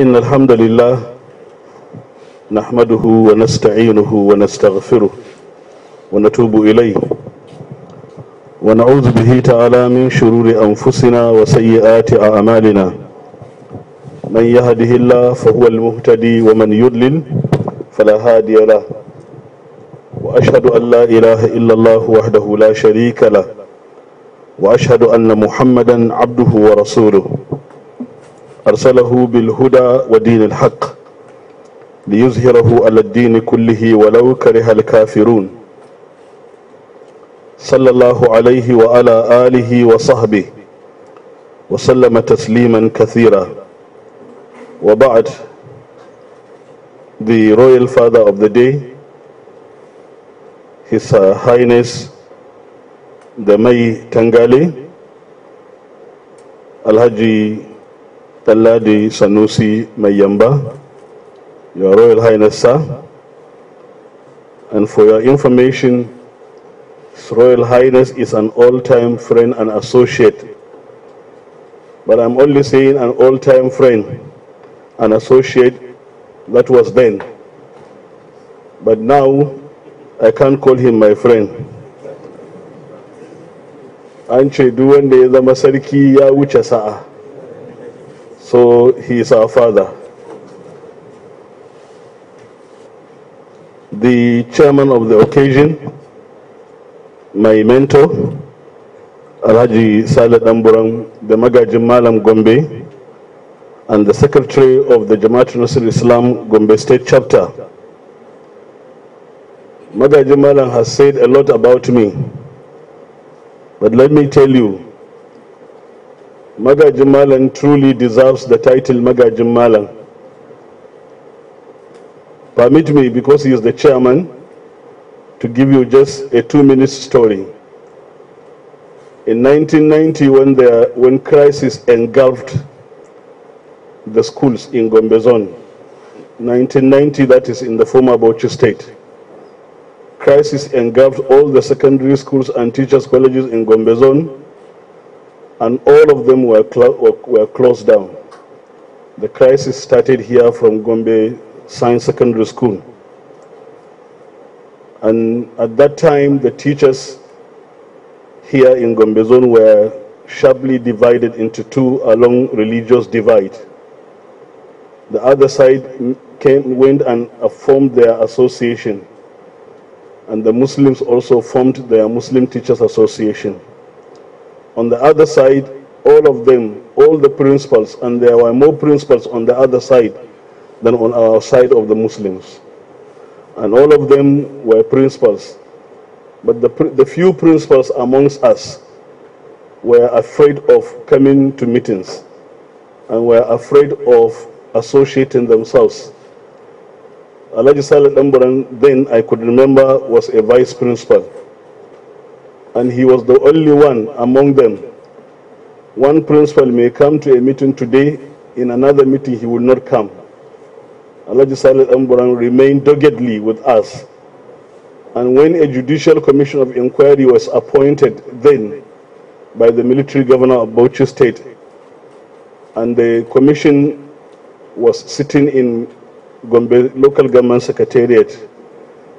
إن الحمد لله نحمده ونستعينه ونستغفره ونتوب إليه ونعوذ به تعالى من شرور أنفسنا وسيئات أعمالنا من يهده الله فهو المهتدي ومن يضلل فلا هادي له وأشهد أن لا إله إلا الله وحده لا شريك له وأشهد أن محمدا عبده ورسوله أرسله بالهدى ودين الحق ليظهره على الدين كله ولو كره الكافرون صلى الله عليه وعلى آله وصحبه وسلم تسليما كثيرا وبعد the royal father of the day His uh, Highness the may Tangali Alhaji lady Sanusi Mayamba, Your Royal Highness Sir, and for your information, His Royal Highness is an all-time friend and associate. But I'm only saying an all-time friend and associate that was then. But now, I can't call him my friend. Anche ce duk wanda ya zama sarki ya so he is our father. The chairman of the occasion, my mentor, Alhaji Salad Amburam, the Magaji Malam Gombe, and the secretary of the Jamaat Nasir Islam Gombe State Chapter. Magaji Malam has said a lot about me, but let me tell you, Maga Jumalan truly deserves the title Maga Jumalan. Permit me, because he is the chairman, to give you just a two-minute story. In 1990, when, the, when crisis engulfed the schools in Gombezon, 1990, that is in the former Bauchi state, crisis engulfed all the secondary schools and teachers' colleges in Gombezon, and all of them were, were, were closed down. The crisis started here from Gombe Science Secondary School. And at that time, the teachers here in Gombe Zone were sharply divided into two along religious divide. The other side came, went and formed their association. And the Muslims also formed their Muslim Teachers Association. On the other side, all of them, all the principals, and there were more principals on the other side than on our side of the Muslims. And all of them were principals. But the, the few principals amongst us were afraid of coming to meetings and were afraid of associating themselves. Alaji Saleh Dambaran, then I could remember, was a vice principal and he was the only one among them. One principal may come to a meeting today, in another meeting he will not come. Alhaji Salih Amburan remained doggedly with us. And when a judicial commission of inquiry was appointed then by the military governor of Bauchi State, and the commission was sitting in Gombe local government secretariat,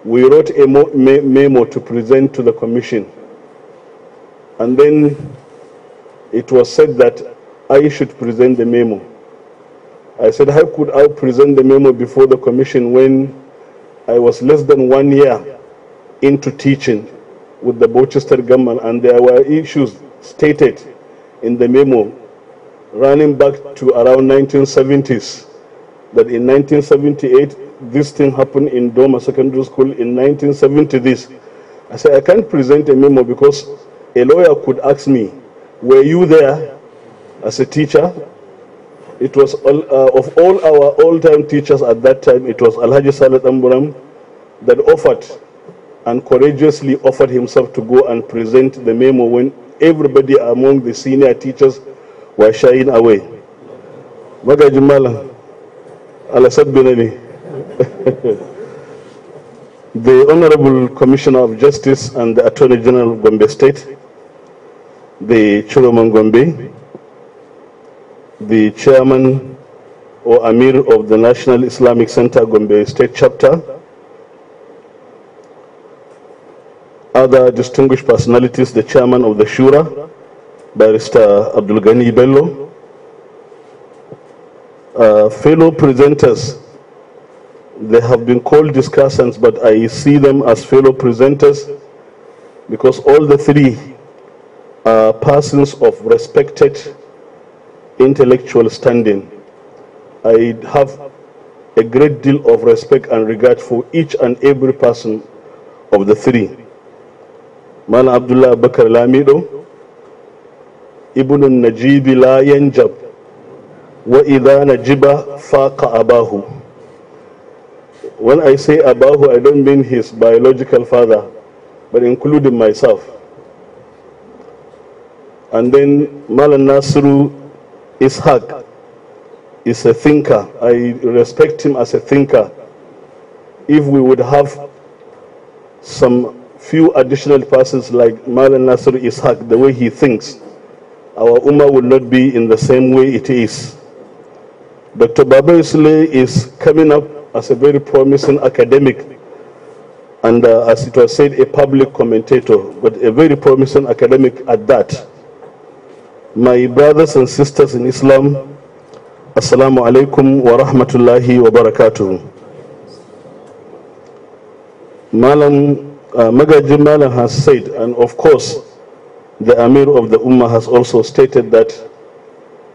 we wrote a memo to present to the commission and then it was said that I should present the memo. I said, how could I present the memo before the commission when I was less than one year into teaching with the Bochester government and there were issues stated in the memo running back to around 1970s that in 1978 this thing happened in Doma Secondary School in 1970 this. I said I can't present a memo because a lawyer could ask me, were you there as a teacher? It was, all, uh, of all our all-time teachers at that time, it was Alhaji Salat Amburam that offered and courageously offered himself to go and present the memo when everybody among the senior teachers were shying away. The Honorable Commissioner of Justice and the Attorney General of Gombe State, the Churumangombe, the chairman or Amir of the National Islamic Center Gombe State Chapter, other distinguished personalities, the chairman of the Shura, Barrister Abdul Ghani Bello, uh, fellow presenters, they have been called discussants, but I see them as fellow presenters because all the three persons of respected intellectual standing. I have a great deal of respect and regard for each and every person of the three. Man Abdullah Bakar Lamido, Ibn Najibi La Yanjab, Wa Ida Najiba Faqa Abahu. When I say Abahu, I don't mean his biological father, but including myself. And then Malan Nasru Ishaq is a thinker. I respect him as a thinker. If we would have some few additional persons like Malan Nasru Ishaq, the way he thinks, our Ummah would not be in the same way it is. Dr. Baba Islay is coming up as a very promising academic and uh, as it was said, a public commentator, but a very promising academic at that. My brothers and sisters in Islam, Assalamu alaikum wa rahmatullahi wa barakatuh. Malam uh, Magaji Malam has said, and of course, the Amir of the Ummah has also stated that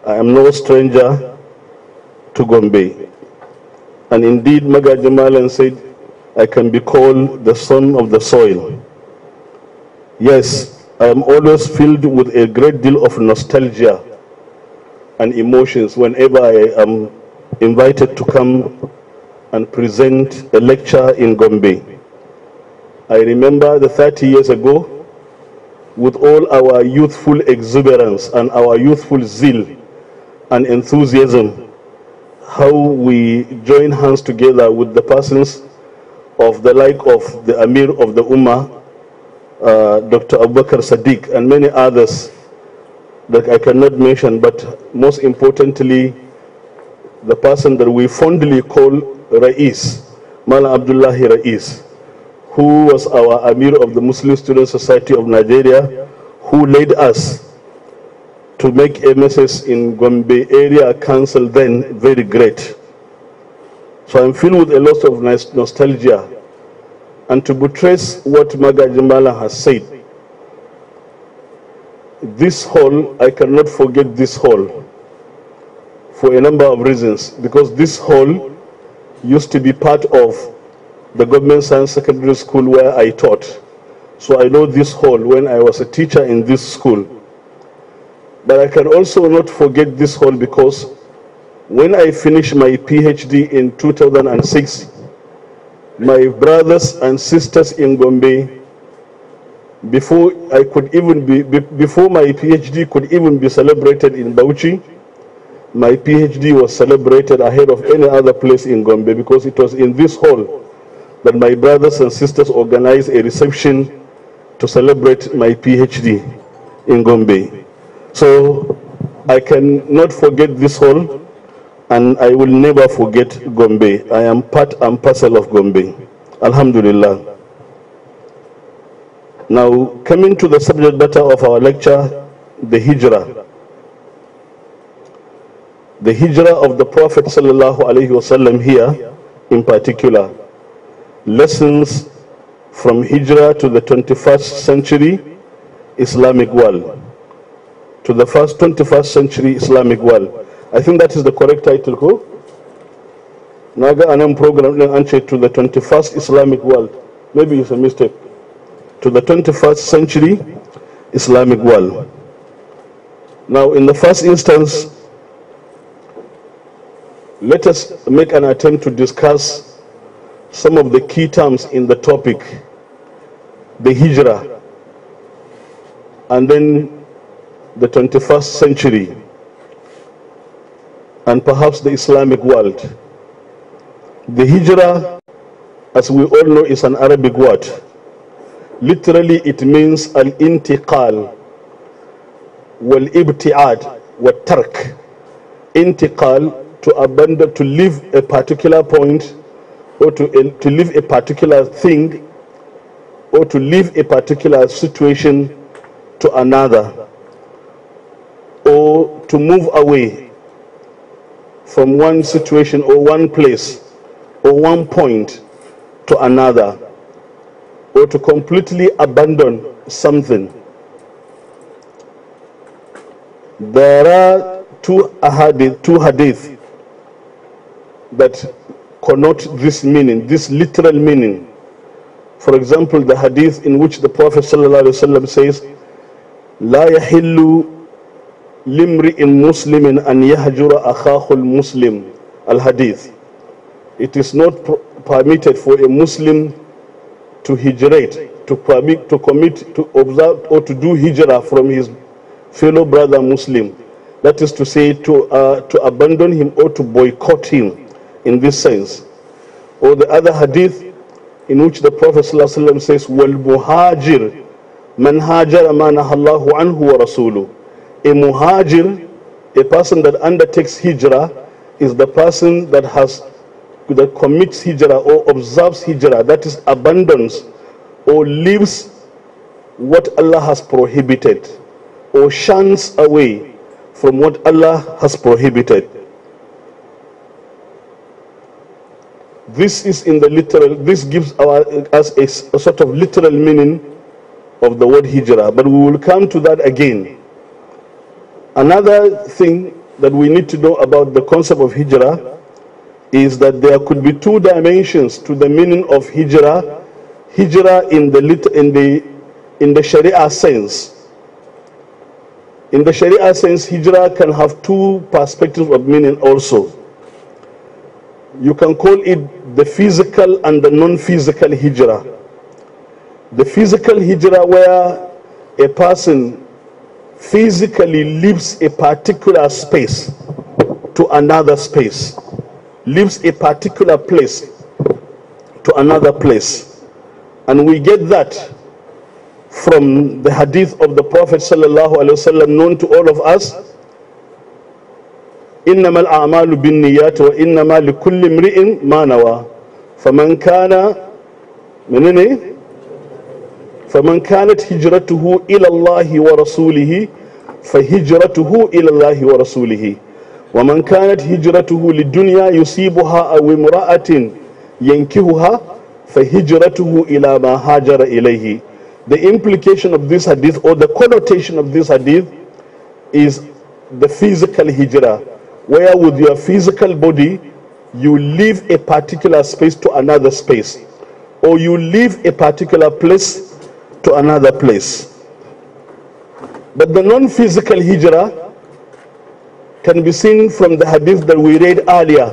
I am no stranger to Gombe. And indeed, Magaji Malam said, I can be called the son of the soil. Yes, I am always filled with a great deal of nostalgia and emotions whenever I am invited to come and present a lecture in Gombe. I remember the 30 years ago with all our youthful exuberance and our youthful zeal and enthusiasm, how we join hands together with the persons of the like of the Amir of the Ummah uh, Dr. Abubakar Sadiq and many others that I cannot mention, but most importantly, the person that we fondly call Rais, Mala Abdullahi Rais, who was our Amir of the Muslim Student Society of Nigeria, who led us to make MSS in Gombe area council then very great. So I'm filled with a lot of nostalgia and to buttress what Magajimbala has said. This hall, I cannot forget this hall for a number of reasons because this hall used to be part of the government science secondary school where I taught. So I know this hall when I was a teacher in this school. But I can also not forget this hall because when I finished my PhD in 2006, my brothers and sisters in Gombe, before I could even be, before my PhD could even be celebrated in Bauchi, my PhD was celebrated ahead of any other place in Gombe because it was in this hall that my brothers and sisters organized a reception to celebrate my PhD in Gombe. So I cannot forget this hall and I will never forget Gombe. I am part and parcel of Gombe. Alhamdulillah. Now, coming to the subject matter of our lecture, the hijrah. The hijrah of the Prophet wasallam here, in particular. Lessons from hijrah to the 21st century Islamic world. To the first 21st century Islamic world. I think that is the correct title. Who? Naga Anam Program Anshe to the 21st Islamic world. Maybe it's a mistake. To the 21st century Islamic world. Now, in the first instance, let us make an attempt to discuss some of the key terms in the topic, the hijrah, and then the 21st century and perhaps the Islamic world. The hijrah, as we all know, is an Arabic word. Literally, it means al-intiqal, wal-ibti'ad, wal-tark. Intiqal, to abandon, to leave a particular point, or to, eh, to leave a particular thing, or to leave a particular situation to another, or to move away from one situation or one place or one point to another or to completely abandon something. There are two hadith, two hadith that connote this meaning, this literal meaning. For example, the hadith in which the Prophet ﷺ says, لا يحل Limri in muslimin an yahjura akhahul muslim al-hadith it is not permitted for a muslim to hijrate to permit to commit to observe or to do hijrah from his fellow brother muslim that is to say to uh, to abandon him or to boycott him in this sense or the other hadith in which the prophet ﷺ says wal muhajir man hajara ma nahallahu anhu wa rasuluhu a muhajir, a person that undertakes hijrah, is the person that has that commits hijrah or observes hijrah, that is abandons or leaves what Allah has prohibited or shuns away from what Allah has prohibited. This is in the literal, this gives our, us a, a sort of literal meaning of the word hijrah, but we will come to that again. Another thing that we need to know about the concept of hijrah is that there could be two dimensions to the meaning of hijrah. Hijra in the lit in the in the Sharia sense. In the Sharia sense, hijrah can have two perspectives of meaning also. You can call it the physical and the non-physical hijrah. The physical hijrah where a person physically leaves a particular space to another space, leaves a particular place to another place. And we get that from the hadith of the Prophet وسلم, known to all of us. إنما الأعمال بالنيات وإنما لكل امرئ ما نوى فمن كان منني فمن كانت هجرته إلى الله ورسوله فهجرته إلى الله ورسوله ومن كانت هجرته للدنيا يصيبها أو امرأة ينكهها فهجرته إلى ما هاجر إليه The implication of this hadith or the connotation of this hadith is the physical hijrah where with your physical body you leave a particular space to another space or you leave a particular place to another place. But the non-physical hijrah can be seen from the hadith that we read earlier.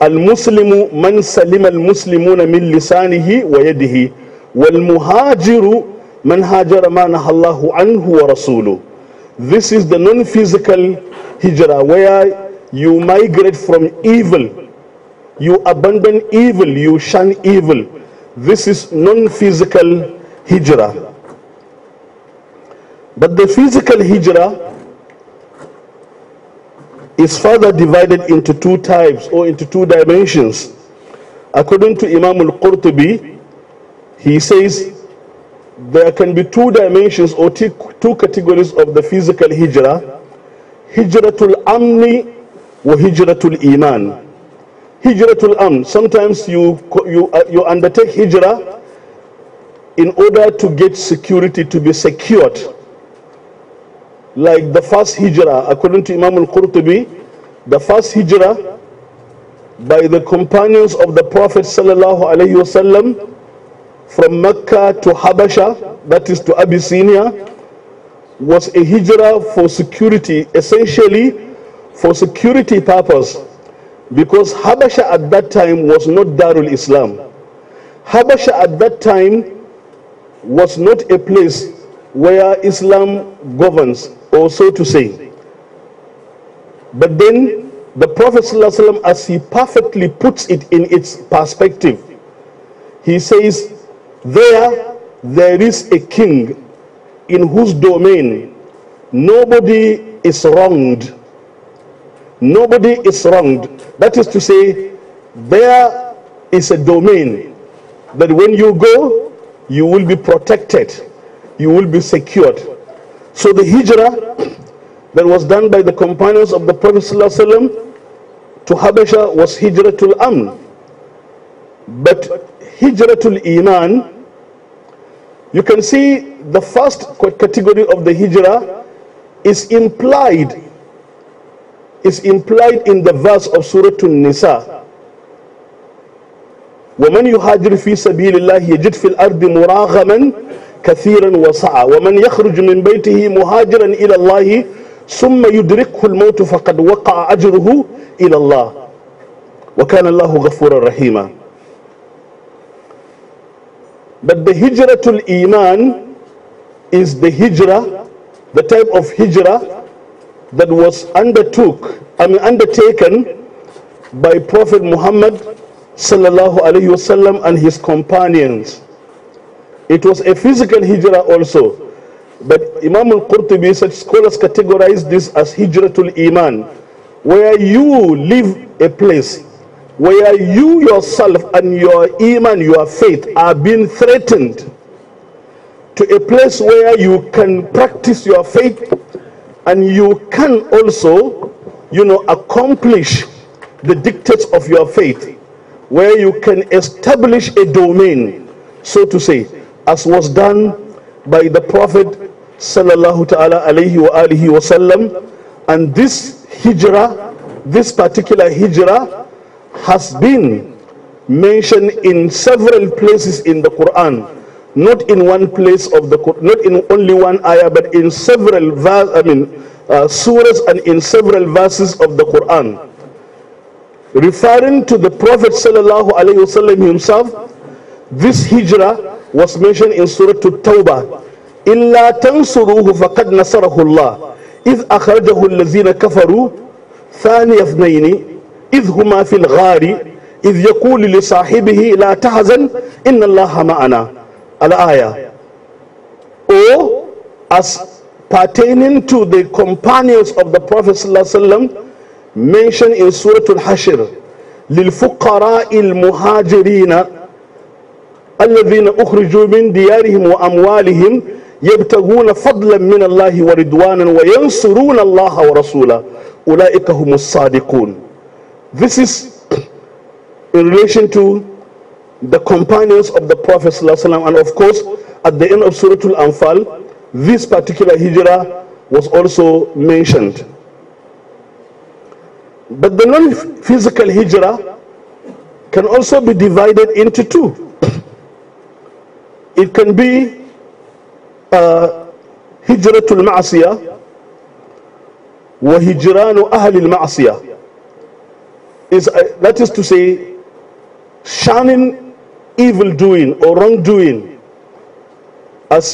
"Al المسلم من al المسلمون min لسانه ويده والمهاجر من هاجر ما نهى الله anhu ورسوله This is the non-physical hijrah where you migrate from evil, you abandon evil, you shun evil. This is non-physical hijrah. But the physical hijrah is further divided into two types or into two dimensions. According to Imam al-Qurtubi, he says there can be two dimensions or two categories of the physical hijrah. Hijratul amni wa hijratul iman. Hijratul Amn. Sometimes you, you, uh, you undertake hijrah in order to get security to be secured. Like the first hijrah, according to Imam al-Qurtubi, the first hijrah by the companions of the Prophet sallallahu alayhi wasallam from Mecca to Habasha, that is to Abyssinia, was a hijrah for security, essentially for security purpose. Because Habasha at that time was not Darul Islam. Habasha at that time was not a place where Islam governs, or so to say. But then the Prophet ﷺ, as he perfectly puts it in its perspective, he says, There, there is a king in whose domain nobody is wronged nobody is wronged. That is to say, there is a domain that when you go, you will be protected, you will be secured. So the hijrah that was done by the companions of the Prophet ﷺ to Habesha was hijratul amn. But hijratul iman, you can see the first category of the hijrah is implied is implied in the verse of Surah An-Nisa. وَمَنْ يُهَاجِرْ فِي سَبِيلِ اللَّهِ يَجِدْ فِي الْأَرْضِ مُرَاغَمًا كَثِيرًا وَسَعًا وَمَنْ يَخْرُجْ مِنْ بَيْتِهِ مُهَاجِرًا إِلَى اللَّهِ ثُمَّ يُدْرِكْهُ الْمَوْتُ فَقَدْ وَقَعَ أَجْرُهُ إِلَى اللَّهِ وَكَانَ اللَّهُ غَفُورًا رَحِيمًا But the hijratul iman is the hijrah, the type of hijrah that was undertook, I mean, undertaken by Prophet Muhammad sallallahu wasallam and his companions. It was a physical hijrah also, but Imam al-Qurtubi, such scholars categorize this as hijratul iman, where you leave a place, where you yourself and your iman, your faith are being threatened to a place where you can practice your faith and you can also you know accomplish the dictates of your faith where you can establish a domain so to say as was done by the prophet sallallahu ta'ala alayhi wa alihi wasallam and this hijrah this particular hijrah has been mentioned in several places in the quran not in one place of the not in only one ayah, but in several verses, I mean, uh, surahs and in several verses of the Quran. Referring to the Prophet sallallahu alaihi wasallam himself, this hijrah was mentioned in Surah to Tawbah. إلا تنصروه فقد نصره الله إذ أخرجه الذين كفروا ثاني اثنين إذ هما في الغار إذ يقول لصاحبه لا تحزن إن الله معنا al-ayah or as pertaining to the companions of the Prophet ﷺ mentioned in Surah Al-Hashr للفقراء المهاجرين الذين أخرجوا من ديارهم وأموالهم يبتغون فضلا من الله ورضوانا وينصرون الله ورسوله أولئك هم الصادقون This is in relation to the companions of the Prophet ﷺ, and of course, at the end of Surah Al-Anfal, this particular hijrah was also mentioned. But the non-physical hijrah can also be divided into two. It can be uh, hijratul ma'asiyah wa hijranu ahlil ma'asiyah. Is, uh, that is to say, shunning evil doing or wrongdoing as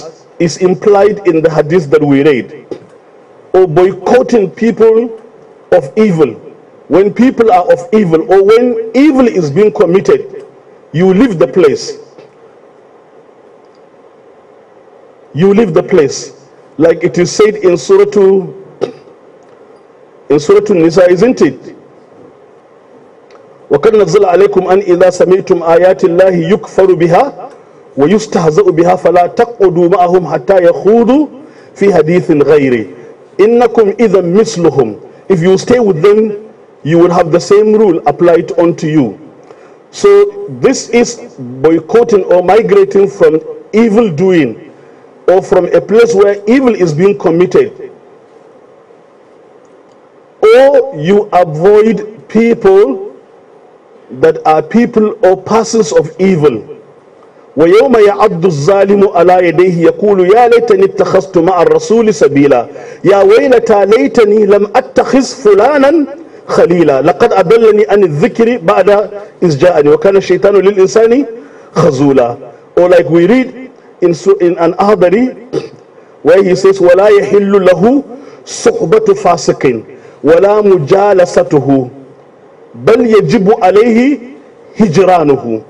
is implied in the hadith that we read or boycotting people of evil when people are of evil or when evil is being committed you leave the place you leave the place like it is said in surah in surah nisa isn't it وقد نزل عليكم أن إذا سمعتم آيات الله يكفر بها ويستهزئ بها فلا تقعدوا معهم حتى يخوضوا في حديث غيره إنكم إذا مثلهم if you stay with them you will have the same rule applied unto you so this is boycotting or migrating from evil doing or from a place where evil is being committed or you avoid people that are people or persons of evil ويوم يعض الظالم على يديه يقول يا ليتني اتخذت مع الرسول سبيلا يا ويلتى ليتني لم اتخذ فلانا خليلا لقد اضلني عن الذكر بعد اذ جاءني وكان الشيطان للانسان خزولا or like we read in in an ahadari where he says ولا يحل له صحبة فاسق ولا مجالسته بل يجب عليه hijranuhu.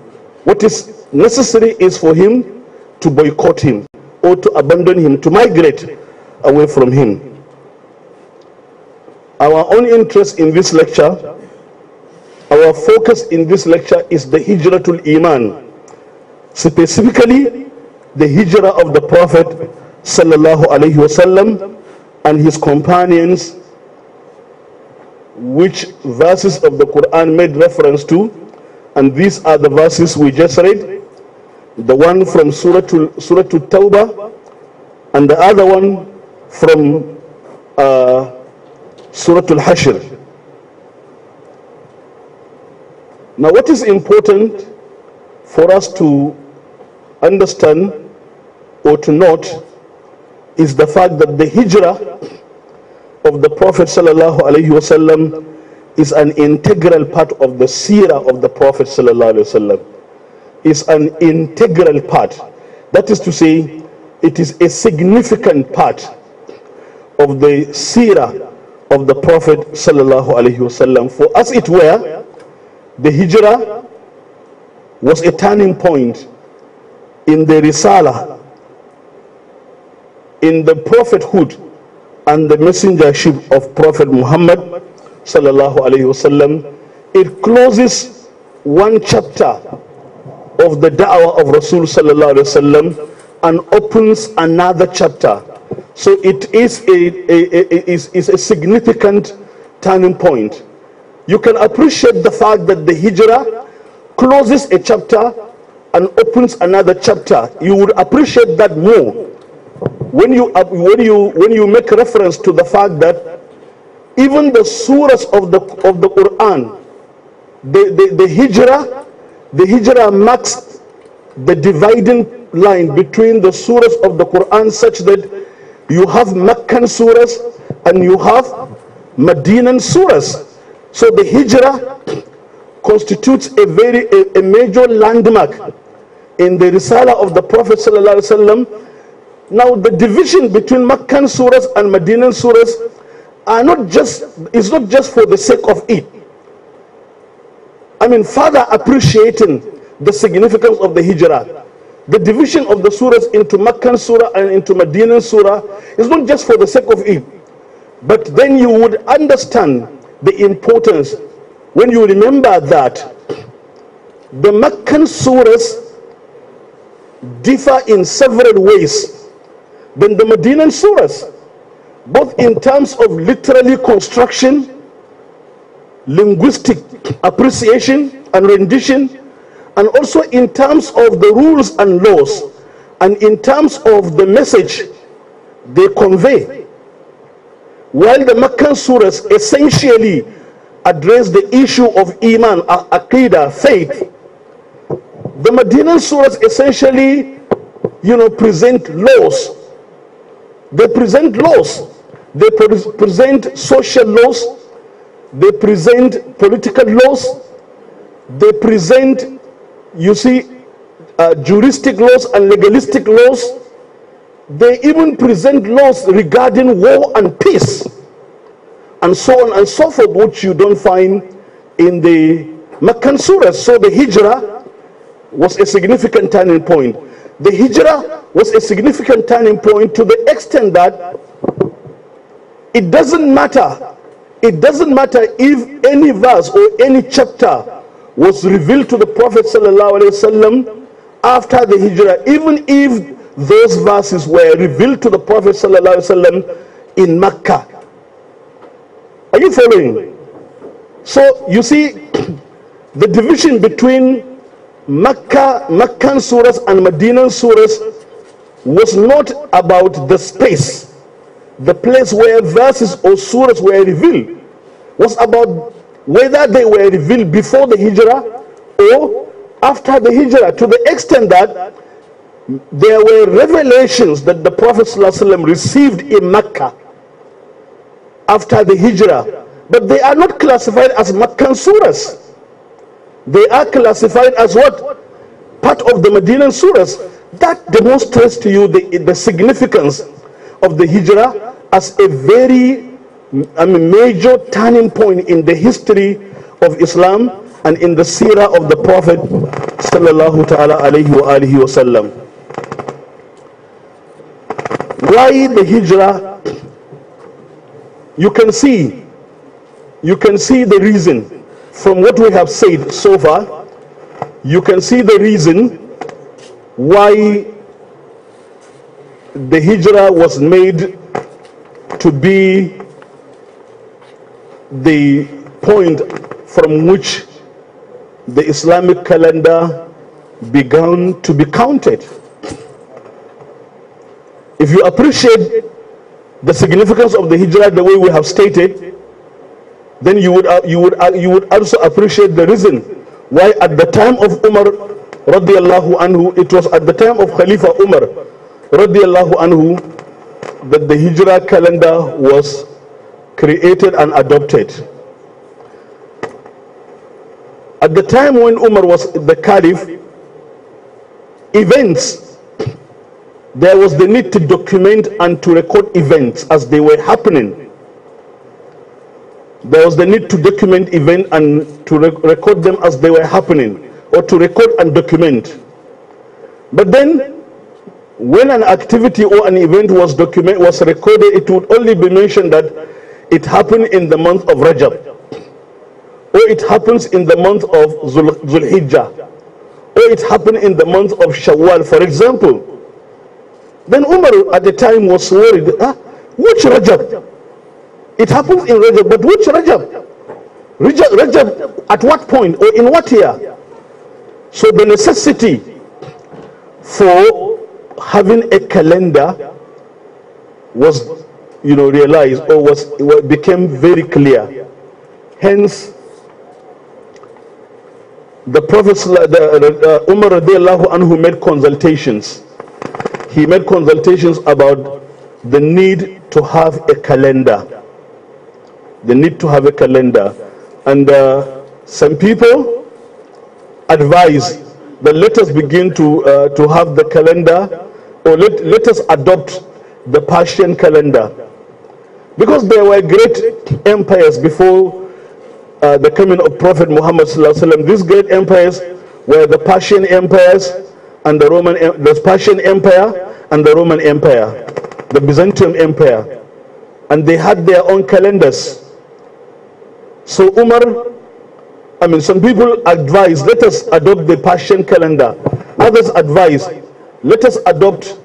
What is necessary is for him to boycott him or to abandon him, to migrate away from him. Our own interest in this lecture, our focus in this lecture is the hijratul iman, specifically the hijrah of the Prophet sallallahu alaihi wasallam and his companions which verses of the Quran made reference to, and these are the verses we just read. The one from Surah to, Surah to Tawbah, and the other one from uh, Surah Al Hashr. Now, what is important for us to understand or to note is the fact that the Hijrah of the Prophet wasallam is an integral part of the seerah of the Prophet wasallam. Is an integral part. That is to say, it is a significant part of the seerah of the Prophet wasallam. For us it were, the hijrah was a turning point in the risala, in the prophethood and the messengership of Prophet Muhammad sallallahu alaihi wasallam, it closes one chapter of the da'wah of Rasul sallallahu alaihi wasallam and opens another chapter. So it is a, a, a, is, is a significant turning point. You can appreciate the fact that the hijrah closes a chapter and opens another chapter. You would appreciate that more when you, when you, when you make reference to the fact that even the surahs of the, of the Quran, the, the, the hijrah, the hijrah marks the dividing line between the surahs of the Quran such that you have Meccan surahs and you have Medinan surahs. So the hijrah constitutes a very a, a major landmark in the risala of the Prophet sallallahu alaihi wasallam now the division between Meccan surahs and Medinan surahs are not just, is not just for the sake of it. I mean, further appreciating the significance of the hijrah. The division of the surahs into Meccan surah and into Medinan surah is not just for the sake of it. But then you would understand the importance when you remember that the Meccan surahs differ in several ways than the Medinan surahs, both in terms of literary construction, linguistic appreciation and rendition, and also in terms of the rules and laws, and in terms of the message they convey. While the Meccan surahs essentially address the issue of Iman, Aqidah, faith, the Medinan surahs essentially, you know, present laws they present laws, they pre present social laws, they present political laws, they present, you see, uh, juristic laws and legalistic laws. They even present laws regarding war and peace and so on and so forth, which you don't find in the Makansura. So the Hijrah was a significant turning point. The hijrah was a significant turning point to the extent that it doesn't matter. It doesn't matter if any verse or any chapter was revealed to the Prophet ﷺ after the hijrah, even if those verses were revealed to the Prophet ﷺ in Makkah. Are you following? So you see the division between Mecca, Meccan surahs and Medinan surahs was not about the space, the place where verses or surahs were revealed, was about whether they were revealed before the hijrah or after the hijrah, to the extent that there were revelations that the Prophet ﷺ received in Mecca after the hijrah, but they are not classified as Meccan surahs. They are classified as what? Part of the Medinan surahs. That demonstrates to you the, the significance of the hijrah as a very I mean, major turning point in the history of Islam and in the seerah of the Prophet sallallahu ta'ala alayhi wa alihi wasallam. Why the hijrah? You can see, you can see the reason from what we have said so far, you can see the reason why the hijrah was made to be the point from which the Islamic calendar began to be counted. If you appreciate the significance of the hijrah the way we have stated, then you would, uh, you, would, uh, you would also appreciate the reason why at the time of Umar radiallahu anhu, it was at the time of Khalifa Umar radiallahu anhu that the Hijrah calendar was created and adopted. At the time when Umar was the Caliph, events, there was the need to document and to record events as they were happening there was the need to document events and to record them as they were happening, or to record and document. But then, when an activity or an event was, document, was recorded, it would only be mentioned that it happened in the month of Rajab, or it happens in the month of Zul Zulhijjah, or it happened in the month of Shawwal, for example. Then Umar at the time was worried, ah, which Rajab? It happens in Rajab, but which Rajab? Rajab, Rajab at what point or in what year? So the necessity for having a calendar was, you know, realized or was became very clear. Hence, the Prophet, the, uh, Umar radiallahu anhu made consultations. He made consultations about the need to have a calendar. They need to have a calendar. And uh, some people advise that let us begin to, uh, to have the calendar or let, let us adopt the Persian calendar. Because there were great empires before uh, the coming of Prophet Muhammad These great empires were the Persian empires and the Roman, the Persian empire and the Roman empire, the Byzantium empire. And they had their own calendars. So Umar, I mean, some people advise, let us adopt the Persian calendar. Others advise, let us adopt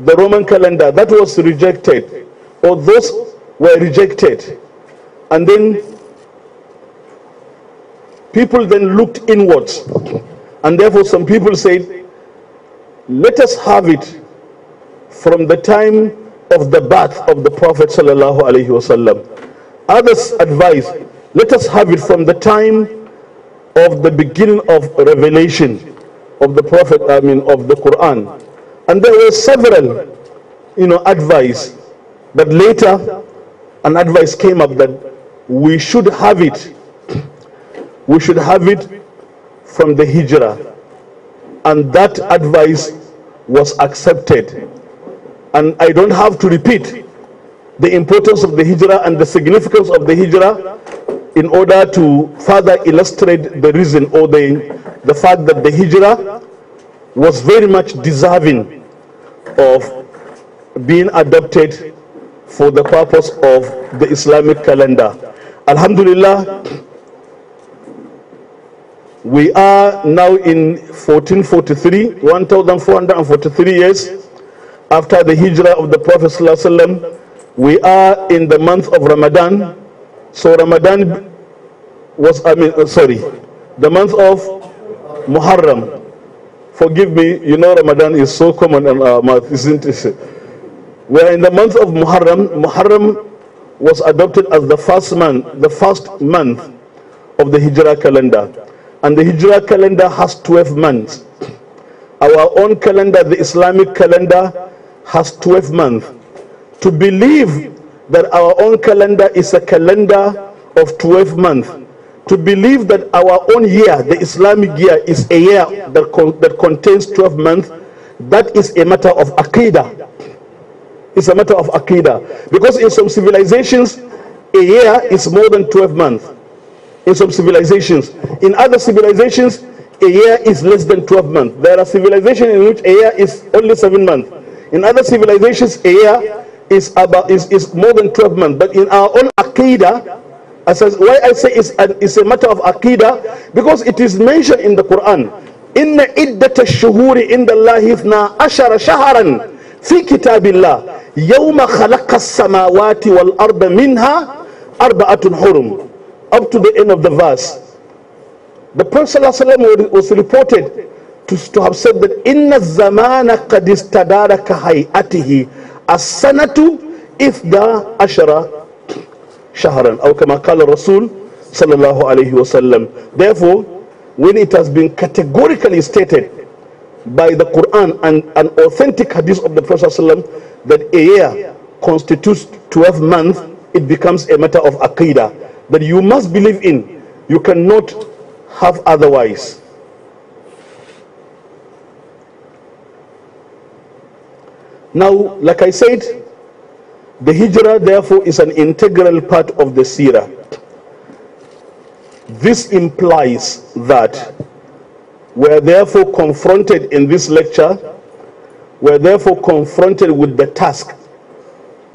the Roman calendar. That was rejected, or those were rejected. And then people then looked inwards. And therefore some people said, let us have it from the time of the birth of the Prophet sallallahu alaihi wasallam. Others advised, let us have it from the time of the beginning of revelation of the Prophet, I mean, of the Quran. And there were several, you know, advice. But later, an advice came up that we should have it. We should have it from the Hijrah. And that advice was accepted. And I don't have to repeat the importance of the Hijrah and the significance of the Hijrah in order to further illustrate the reason or the, the fact that the hijrah was very much deserving of being adopted for the purpose of the Islamic calendar. Alhamdulillah, we are now in 1443, 1443 years after the hijrah of the Prophet we are in the month of Ramadan, so Ramadan was, I mean, uh, sorry, the month of Muharram. Forgive me, you know Ramadan is so common in our mouth, isn't it? Where in the month of Muharram, Muharram was adopted as the first month, the first month of the Hijrah calendar. And the Hijrah calendar has 12 months. Our own calendar, the Islamic calendar, has 12 months. To believe that our own calendar is a calendar of 12 months, to believe that our own year, the Islamic year, is a year that, con that contains 12 months, that is a matter of akidah. It's a matter of akidah. Because in some civilizations, a year is more than 12 months. In some civilizations. In other civilizations, a year is less than 12 months. There are civilizations in which a year is only 7 months. In other civilizations, a year is about is, is more than 12 months but in our own akida, I says why I say it's a, it's a matter of akida because it is mentioned in the Quran inna iddata shuhuri inda Allahi ithna ashara shaharan fi kitabillah yawma khalaqa as-samawati wal arda minha arba'atun hurum up to the end of the verse the Prophet ﷺ was reported to, to have said that inna zamana qad istadara ka hayatihi السنة إثنى عشر شهرا أو كما قال الرسول صلى الله عليه وسلم therefore when it has been categorically stated by the Quran and an authentic hadith of the Prophet ﷺ that a year constitutes 12 months, it becomes a matter of aqidah that you must believe in. You cannot have otherwise. Now, like I said, the hijrah therefore is an integral part of the seerah. This implies that we are therefore confronted in this lecture, we are therefore confronted with the task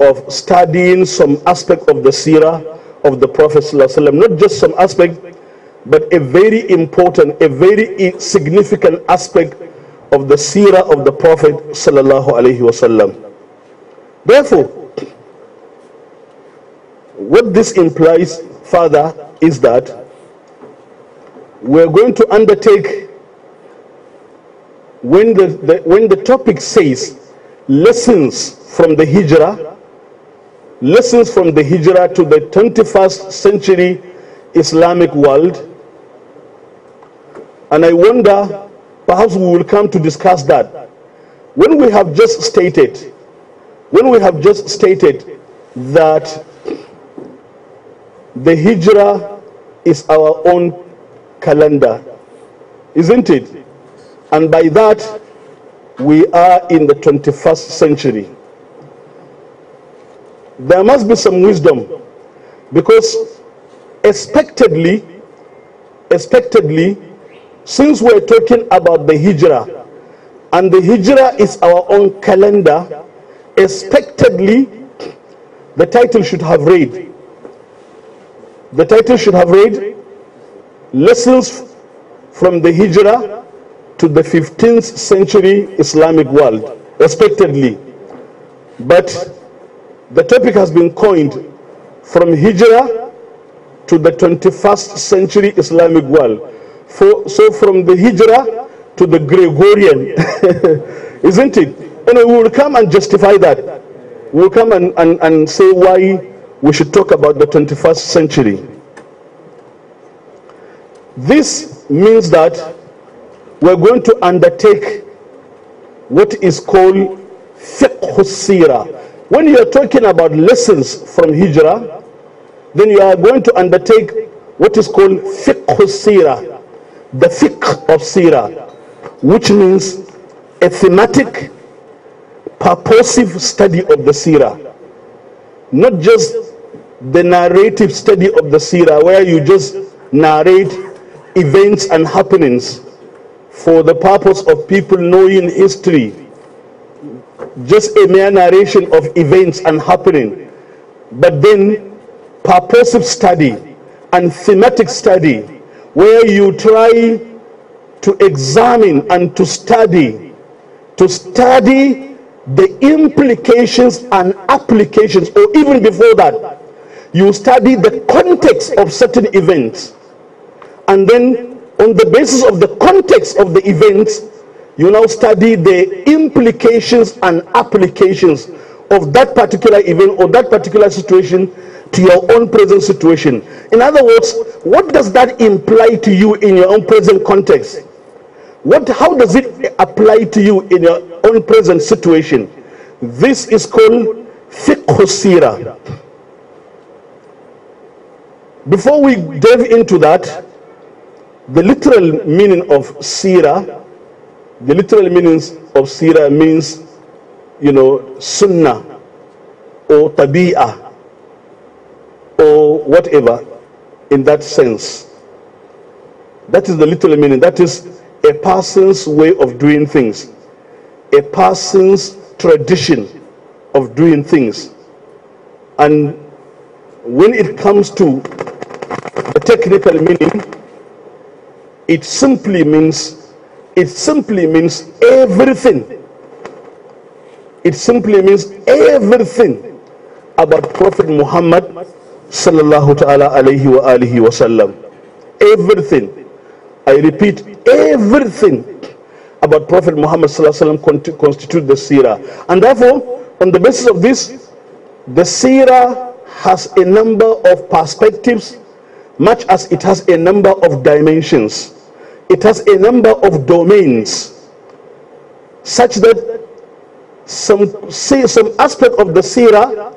of studying some aspect of the seerah of the Prophet ﷺ. Not just some aspect, but a very important, a very significant aspect of the seerah of the Prophet sallallahu alaihi wasallam. Therefore, what this implies further is that we're going to undertake when the, the, when the topic says lessons from the hijrah lessons from the hijrah to the 21st century islamic world and i wonder Perhaps we will come to discuss that. When we have just stated, when we have just stated that the hijrah is our own calendar, isn't it? And by that, we are in the 21st century. There must be some wisdom because expectedly, expectedly, since we're talking about the hijrah, and the hijrah is our own calendar, expectedly, the title should have read. The title should have read Lessons from the Hijrah to the 15th century Islamic world, expectedly. But the topic has been coined from Hijrah to the 21st century Islamic world. For, so from the Hijrah to the Gregorian, isn't it? And we will come and justify that. We'll come and, and, and say why we should talk about the 21st century. This means that we're going to undertake what is called fiqh When you are talking about lessons from hijrah, then you are going to undertake what is called fiqh the fiqh of Sira, which means a thematic, purposive study of the Sira, Not just the narrative study of the Sira, where you just narrate events and happenings for the purpose of people knowing history. Just a mere narration of events and happening, but then purposive study and thematic study where you try to examine and to study, to study the implications and applications, or even before that, you study the context of certain events. And then, on the basis of the context of the events, you now study the implications and applications of that particular event or that particular situation to your own present situation. In other words, what does that imply to you in your own present context? What, how does it apply to you in your own present situation? This is called fikhusira. Before we delve into that, the literal meaning of sira, the literal meanings of sira means, you know, sunnah or tabi'ah or whatever in that sense. That is the literal meaning. That is a person's way of doing things, a person's tradition of doing things. And when it comes to a technical meaning, it simply means it simply means everything. It simply means everything about Prophet Muhammad sallallahu ta'ala alayhi wa alihi wa sallam. Everything, I repeat, everything about Prophet Muhammad sallallahu alaihi wasallam constitute the seerah. And therefore, on the basis of this, the seerah has a number of perspectives, much as it has a number of dimensions. It has a number of domains, such that some, some aspect of the seerah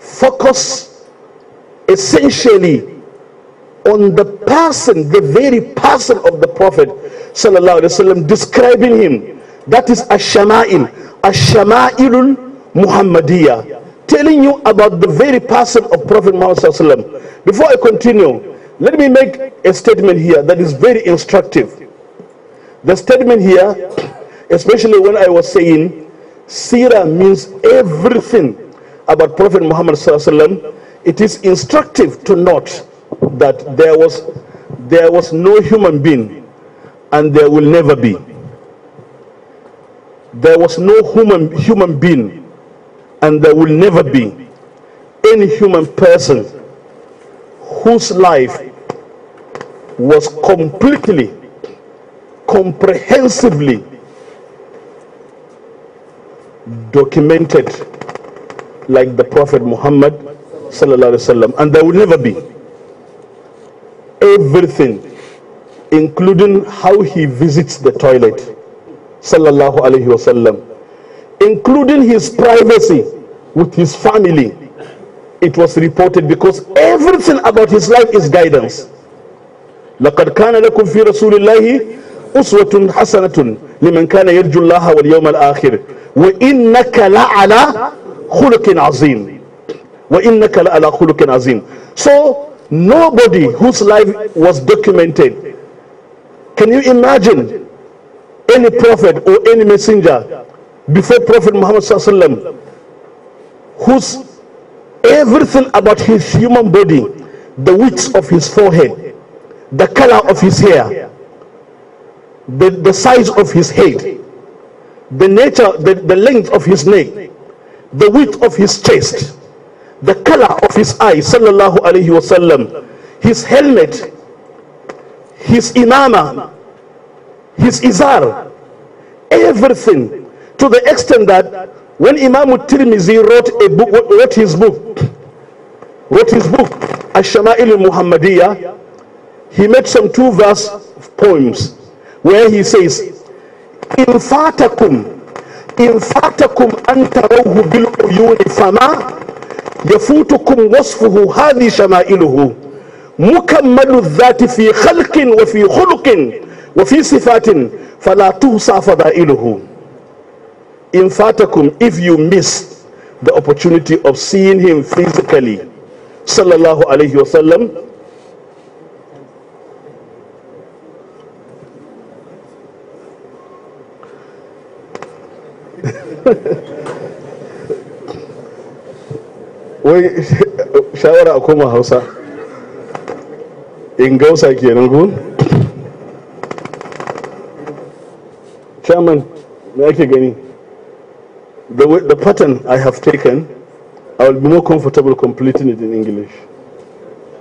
focus essentially on the person, the very person of the Prophet وسلم, describing him. That is Ash-Shama'il, Ash-Shama'ilul Telling you about the very person of Prophet Muhammad وسلم. Before I continue, let me make a statement here that is very instructive. The statement here, especially when I was saying, Sirah means everything about Prophet Muhammad Sallallahu it is instructive to note that there was, there was no human being and there will never be. There was no human, human being and there will never be any human person whose life was completely, comprehensively documented like the Prophet Muhammad وسلم, and there will never be. Everything, including how he visits the toilet, sallallahu alayhi wasallam, including his privacy with his family, it was reported because everything about his life is guidance. لقد كان لكم في رسول الله أسوة حسنة لمن كان يرجو الله واليوم الآخر وإنك لعلى خلق عظيم al لَعَلَىٰ خُلُقٍ Azim. So, nobody whose life was documented. Can you imagine any prophet or any messenger before Prophet Muhammad Sallallahu whose everything about his human body, the width of his forehead, the color of his hair, the, the size of his head, the nature, the, the length of his neck, the width of his chest, the color of his eye sallallahu Alaihi wasallam his helmet his imama his izar everything to the extent that when imam tirmizi wrote a book wrote his book wrote his book ash-shama'il muhammadiyah he made some two verse poems where he says in fatakum in fatakum an tarawhu bil uyuni fama يفوتكم وصفه هذه شمائله مكمل الذات في خلق وفي خلق وفي صفات فلا تحصى فضائله in fatakum if you miss the opportunity of seeing him physically sallallahu Ha wasallam Ha wai shawara a koma hausa in gausa kenan ku chairman me ake gani the, the pattern i have taken i will be more comfortable completing it in english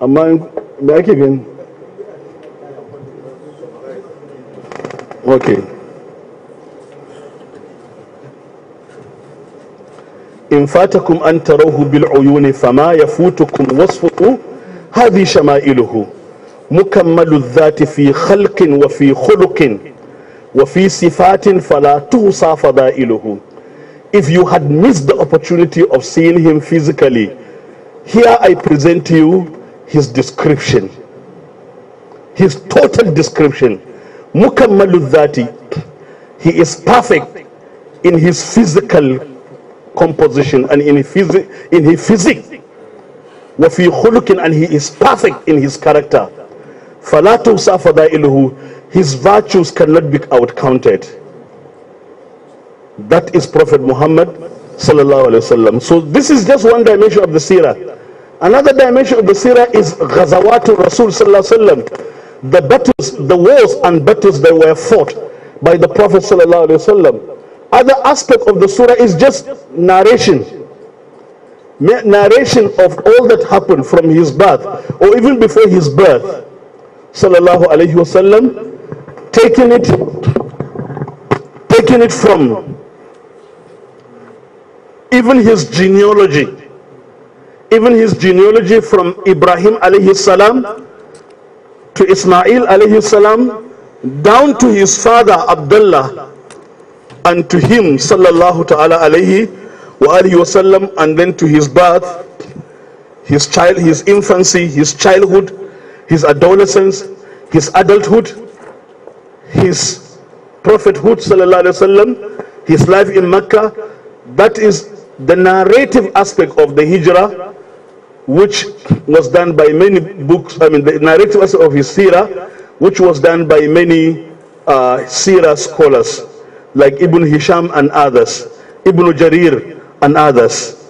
amma me ake gani okay إن فاتكم أن تروه بالعيون فما يفوتكم وصفه هذه شمائله مكمل الذات في خلق وفي خلق وفي صفات فلا توصى فضائله If you had missed the opportunity of seeing him physically, here I present to you his description. His total description. Mukammalu dhati. He is perfect in his physical composition and in his, in his physique وفي خلق and he is perfect in his character فلا تُوسَى فَضَائِلُهُ his virtues cannot be outcounted that is Prophet Muhammad sallallahu alaihi wasallam so this is just one dimension of the seerah another dimension of the seerah is ghazawatul rasul sallallahu alaihi wasallam the battles the wars and battles that were fought by the Prophet sallallahu alaihi wasallam other aspect of the surah is just narration narration of all that happened from his birth or even before his birth sallallahu alaihi wasallam taking it taking it from even his genealogy even his genealogy from Ibrahim alayhi salam to Ismail alayhi salam down to his father Abdullah and to him sallallahu ta'ala alayhi wa alihi wasallam and then to his birth his child his infancy his childhood his adolescence his adulthood his prophethood sallallahu alaihi wasallam his life in mecca that is the narrative aspect of the hijrah which was done by many books i mean the narrative aspect of his seerah which was done by many uh, seerah scholars like Ibn Hisham and others, Ibn Jarir and others.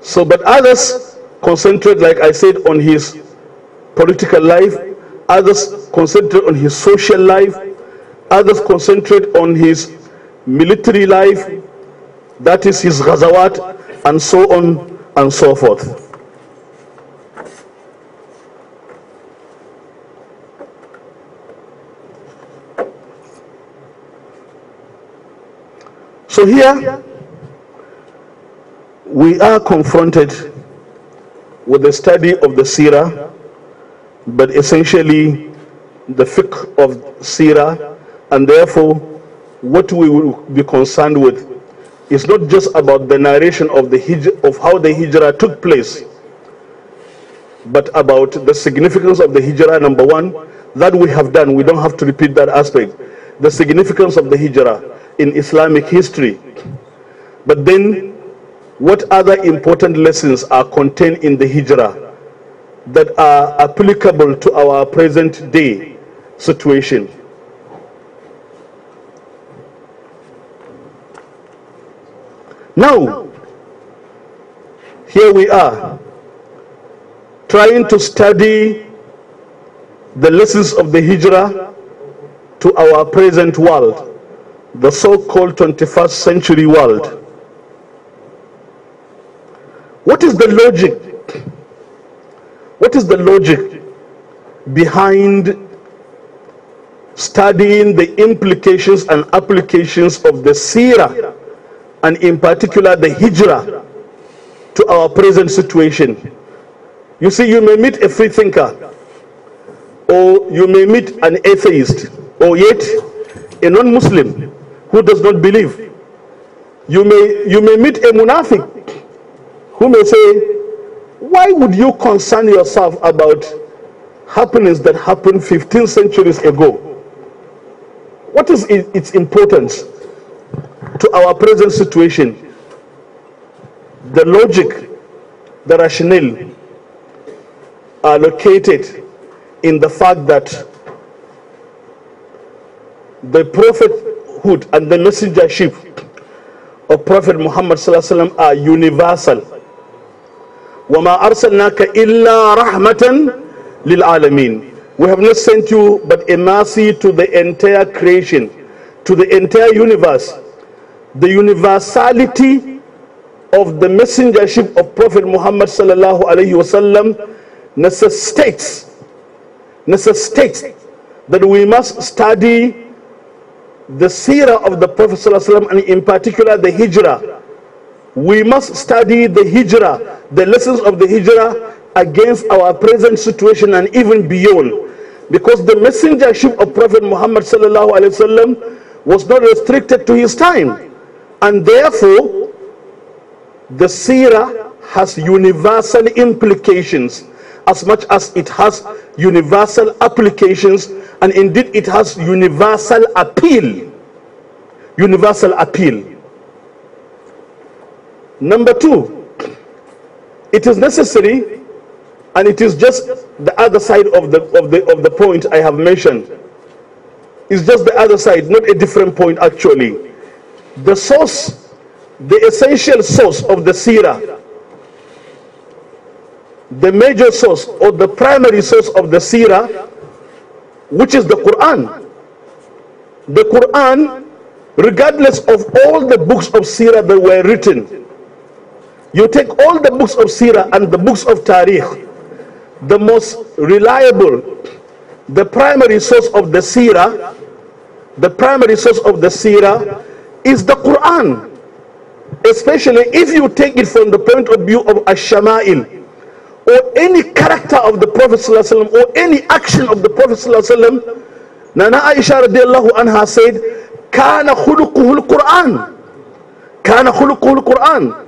So, but others concentrate, like I said, on his political life, others concentrate on his social life, others concentrate on his military life, that is his ghazawat, and so on and so forth. So here we are confronted with the study of the seerah, but essentially the fiqh of seerah, and therefore what we will be concerned with is not just about the narration of the hij- of how the hijrah took place, but about the significance of the hijrah number one that we have done. We don't have to repeat that aspect. The significance of the hijrah in Islamic history. But then, what other important lessons are contained in the Hijrah that are applicable to our present day situation? Now, here we are trying to study the lessons of the Hijrah to our present world the so-called 21st century world. What is the logic? What is the logic behind studying the implications and applications of the seerah and in particular the hijrah to our present situation? You see, you may meet a free thinker, or you may meet an atheist or yet a non-Muslim who does not believe. You may, you may meet a munafiq who may say, why would you concern yourself about happenings that happened 15 centuries ago? What is its importance to our present situation? The logic, the rationale are located in the fact that the Prophet and the messengership of Prophet Muhammad are universal. وَمَا أَرْسَلْنَاكَ إِلَّا رَحْمَةً لِلْعَالَمِينَ We have not sent you but a mercy to the entire creation, to the entire universe. The universality of the messengership of Prophet Muhammad sallallahu alayhi wasallam necessitates, necessitates that we must study the seerah of the Prophet and in particular the hijrah. We must study the hijrah, the lessons of the hijrah against our present situation and even beyond. Because the messengership of Prophet Muhammad was not restricted to his time. And therefore, the seerah has universal implications as much as it has universal applications and indeed it has universal appeal universal appeal number two it is necessary and it is just the other side of the of the of the point i have mentioned it's just the other side not a different point actually the source the essential source of the seerah the major source or the primary source of the seerah, which is the Quran. The Quran, regardless of all the books of seerah that were written, you take all the books of seerah and the books of tariq, the most reliable, the primary source of the seerah, the primary source of the seerah is the Quran. Especially if you take it from the point of view of Ash-Shama'il, or any character of the Prophet or any action of the Prophet Nana Aisha radiallahu anha said, Kana khuluquhul Quran. Kana khuluquhul Quran.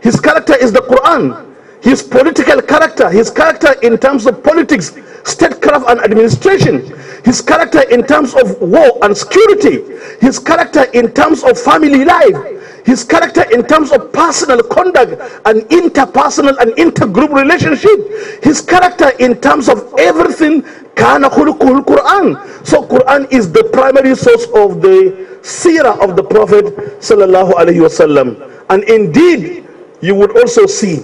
His character is the Quran. His political character, his character in terms of politics statecraft and administration, his character in terms of war and security, his character in terms of family life, his character in terms of personal conduct and interpersonal and intergroup relationship, his character in terms of everything. Kana Quran. So Quran is the primary source of the seerah of the Prophet sallallahu alaihi wasallam. And indeed, you would also see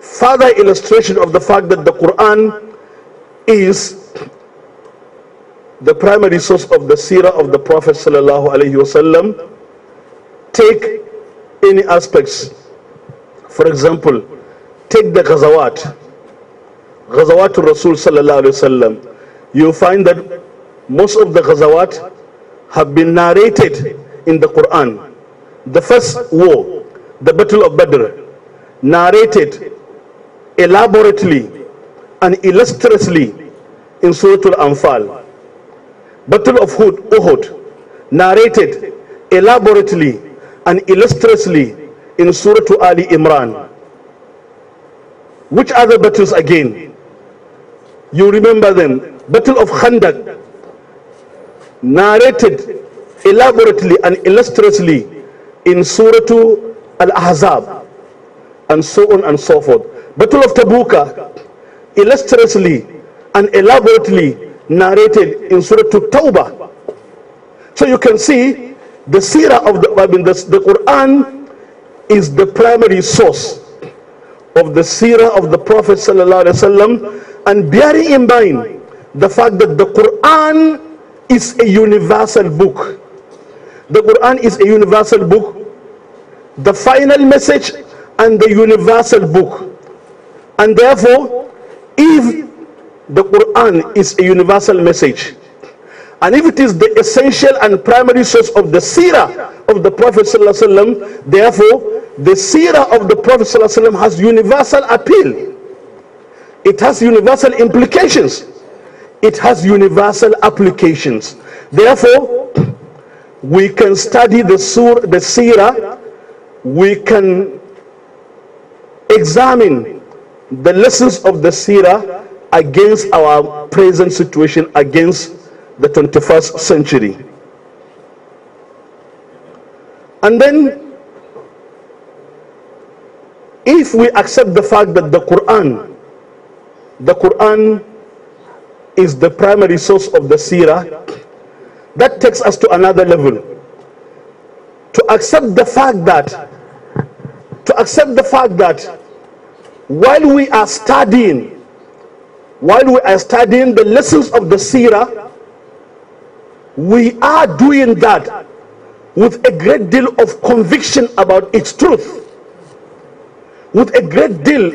further illustration of the fact that the Quran is the primary source of the seerah of the Prophet sallallahu alaihi wasallam take any aspects for example take the Ghazawat Ghazawat Rasul sallallahu alaihi wasallam you find that most of the Ghazawat have been narrated in the Quran the first war the battle of Badr narrated elaborately and illustriously in Surah Al-Anfal. Battle of Hud, Uhud, narrated elaborately and illustriously in Surah Ali Imran. Which other battles again? You remember them. Battle of Khandak, narrated elaborately and illustriously in Surah Al-Ahzab and so on and so forth. Battle of Tabuka, illustriously and elaborately narrated in Surah Tawbah. So you can see the seerah of the, I mean, the, the Quran is the primary source of the seerah of the Prophet and bearing in mind the fact that the Quran is a universal book. The Quran is a universal book. The final message and the universal book. And therefore, if the Quran is a universal message and if it is the essential and primary source of the seerah of the Prophet ﷺ, therefore the seerah of the Prophet ﷺ has universal appeal. It has universal implications. It has universal applications. Therefore, we can study the, surah, the seerah, we can examine the lessons of the seerah against our present situation, against the 21st century. And then, if we accept the fact that the Quran, the Quran is the primary source of the seerah, that takes us to another level. To accept the fact that, to accept the fact that while we are studying while we are studying the lessons of the seerah we are doing that with a great deal of conviction about its truth with a great deal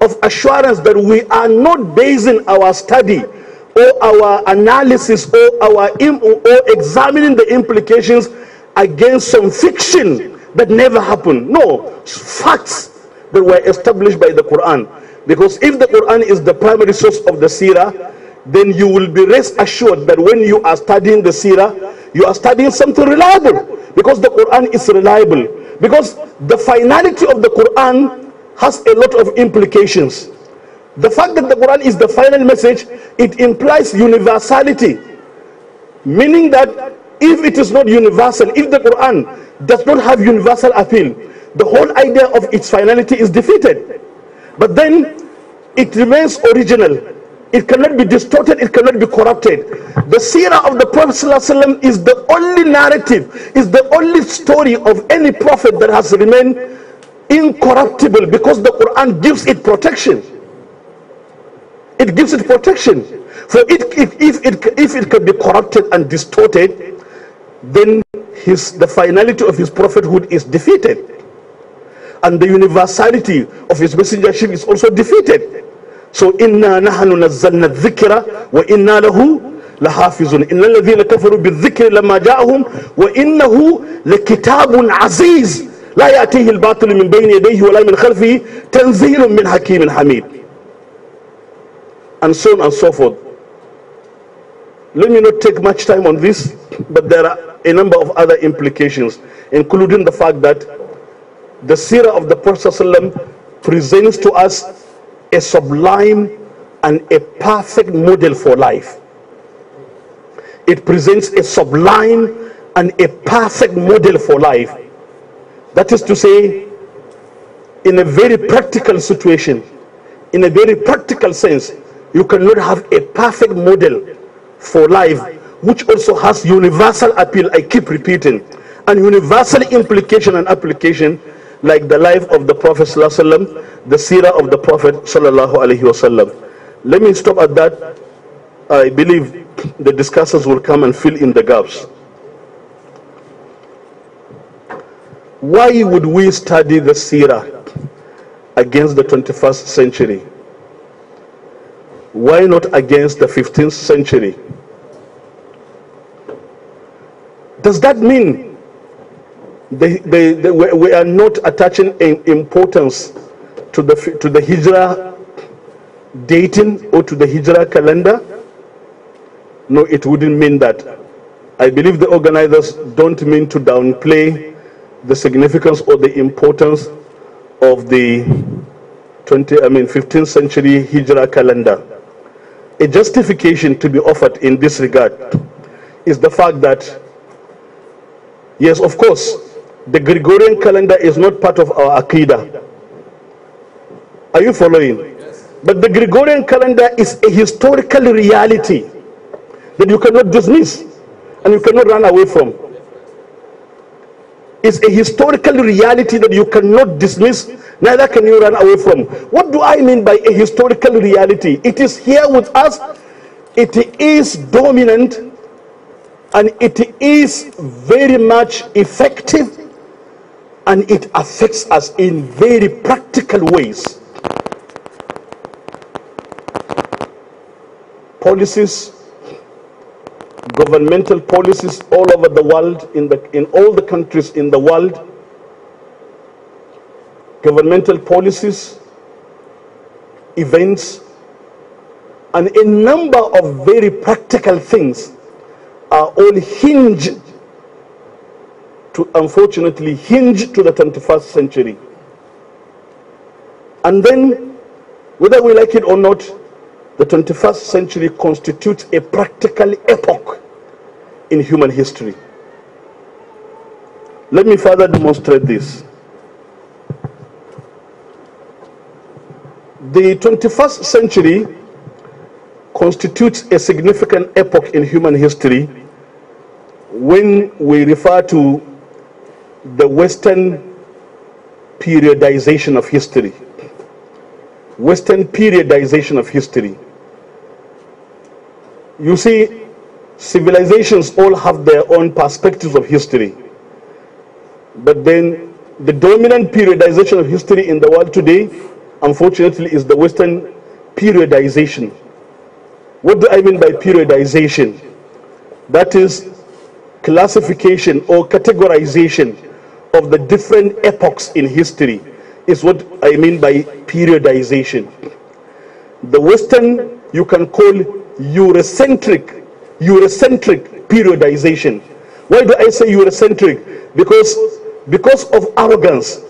of assurance that we are not basing our study or our analysis or our or examining the implications against some fiction that never happened no facts that were established by the Quran. Because if the Quran is the primary source of the seerah, then you will be rest assured that when you are studying the seerah, you are studying something reliable. Because the Quran is reliable. Because the finality of the Quran has a lot of implications. The fact that the Quran is the final message, it implies universality. Meaning that if it is not universal, if the Quran does not have universal appeal, the whole idea of its finality is defeated. But then it remains original. It cannot be distorted, it cannot be corrupted. The seerah of the Prophet ﷺ is the only narrative, is the only story of any prophet that has remained incorruptible because the Quran gives it protection. It gives it protection. For it, if, if, it, if it can be corrupted and distorted, then his, the finality of his prophethood is defeated and the universality of his messengership is also defeated. So inna nahanu nazzalna dhikra wa inna lahu lahafizun. Inna alladhina kafaru bidhikri lama ja'ahum wa la Kitabun aziz. La ya'tihi al-batil min bayni yadayhi wa la min khalfihi tanzilun min hakim hamid. And so on and so forth. Let me not take much time on this, but there are a number of other implications, including the fact that the seerah of the Prophet ﷺ presents to us a sublime and a perfect model for life. It presents a sublime and a perfect model for life. That is to say, in a very practical situation, in a very practical sense, you cannot have a perfect model for life, which also has universal appeal. I keep repeating, and universal implication and application like the life of the Prophet the seerah of the Prophet Let me stop at that. I believe the discussers will come and fill in the gaps. Why would we study the seerah against the 21st century? Why not against the 15th century? Does that mean they, they, they, we are not attaching importance to the, to the hijrah dating or to the hijrah calendar. No, it wouldn't mean that. I believe the organizers don't mean to downplay the significance or the importance of the 20, I mean 15th century hijrah calendar. A justification to be offered in this regard is the fact that, yes, of course, the Gregorian calendar is not part of our akida. Are you following? But the Gregorian calendar is a historical reality that you cannot dismiss and you cannot run away from. It's a historical reality that you cannot dismiss, neither can you run away from. What do I mean by a historical reality? It is here with us, it is dominant, and it is very much effective and it affects us in very practical ways. Policies, governmental policies all over the world, in, the, in all the countries in the world, governmental policies, events, and a number of very practical things are all hinged to unfortunately hinge to the 21st century. And then, whether we like it or not, the 21st century constitutes a practical epoch in human history. Let me further demonstrate this. The 21st century constitutes a significant epoch in human history when we refer to the Western periodization of history. Western periodization of history. You see, civilizations all have their own perspectives of history. But then the dominant periodization of history in the world today, unfortunately, is the Western periodization. What do I mean by periodization? That is classification or categorization of the different epochs in history is what I mean by periodization. The Western, you can call Eurocentric, Eurocentric periodization. Why do I say Eurocentric? Because, because of arrogance.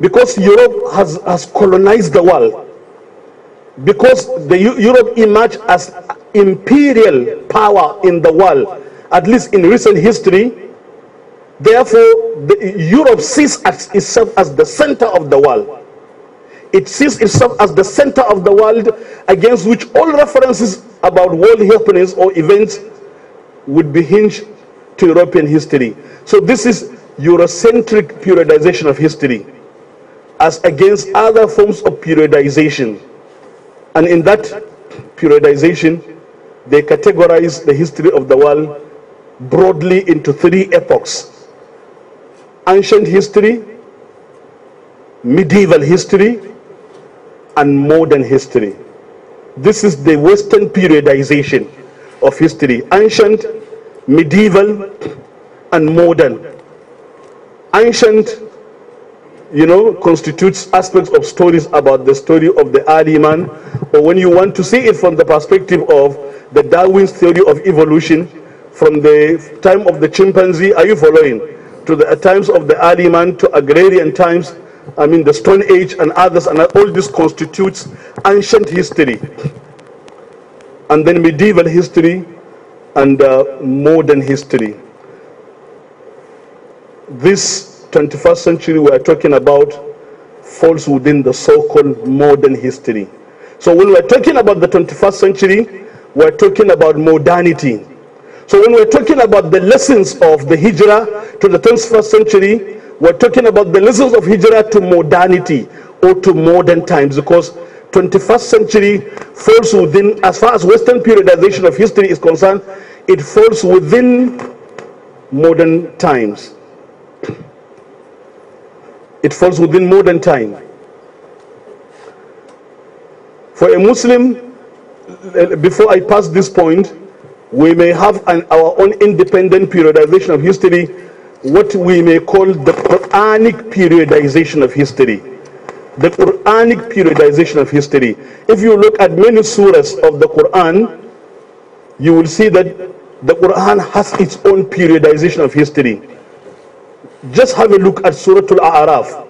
Because Europe has, has colonized the world. Because the Europe emerged as imperial power in the world, at least in recent history, Therefore, the, Europe sees itself as the center of the world. It sees itself as the center of the world against which all references about world happenings or events would be hinged to European history. So this is Eurocentric periodization of history as against other forms of periodization. And in that periodization, they categorize the history of the world broadly into three epochs ancient history, medieval history, and modern history. This is the Western periodization of history, ancient, medieval, and modern. Ancient, you know, constitutes aspects of stories about the story of the early man, or when you want to see it from the perspective of the Darwin's theory of evolution, from the time of the chimpanzee, are you following? to the times of the early man to agrarian times, I mean the Stone Age and others, and all this constitutes ancient history. And then medieval history and uh, modern history. This 21st century we are talking about falls within the so-called modern history. So when we're talking about the 21st century, we're talking about modernity. So when we're talking about the lessons of the hijrah to the 21st century, we're talking about the lessons of hijrah to modernity or to modern times because 21st century falls within, as far as Western periodization of history is concerned, it falls within modern times. It falls within modern time. For a Muslim, uh, before I pass this point, we may have an, our own independent periodization of history, what we may call the Quranic periodization of history. The Quranic periodization of history. If you look at many surahs of the Quran, you will see that the Quran has its own periodization of history. Just have a look at Surah Al-A'raf.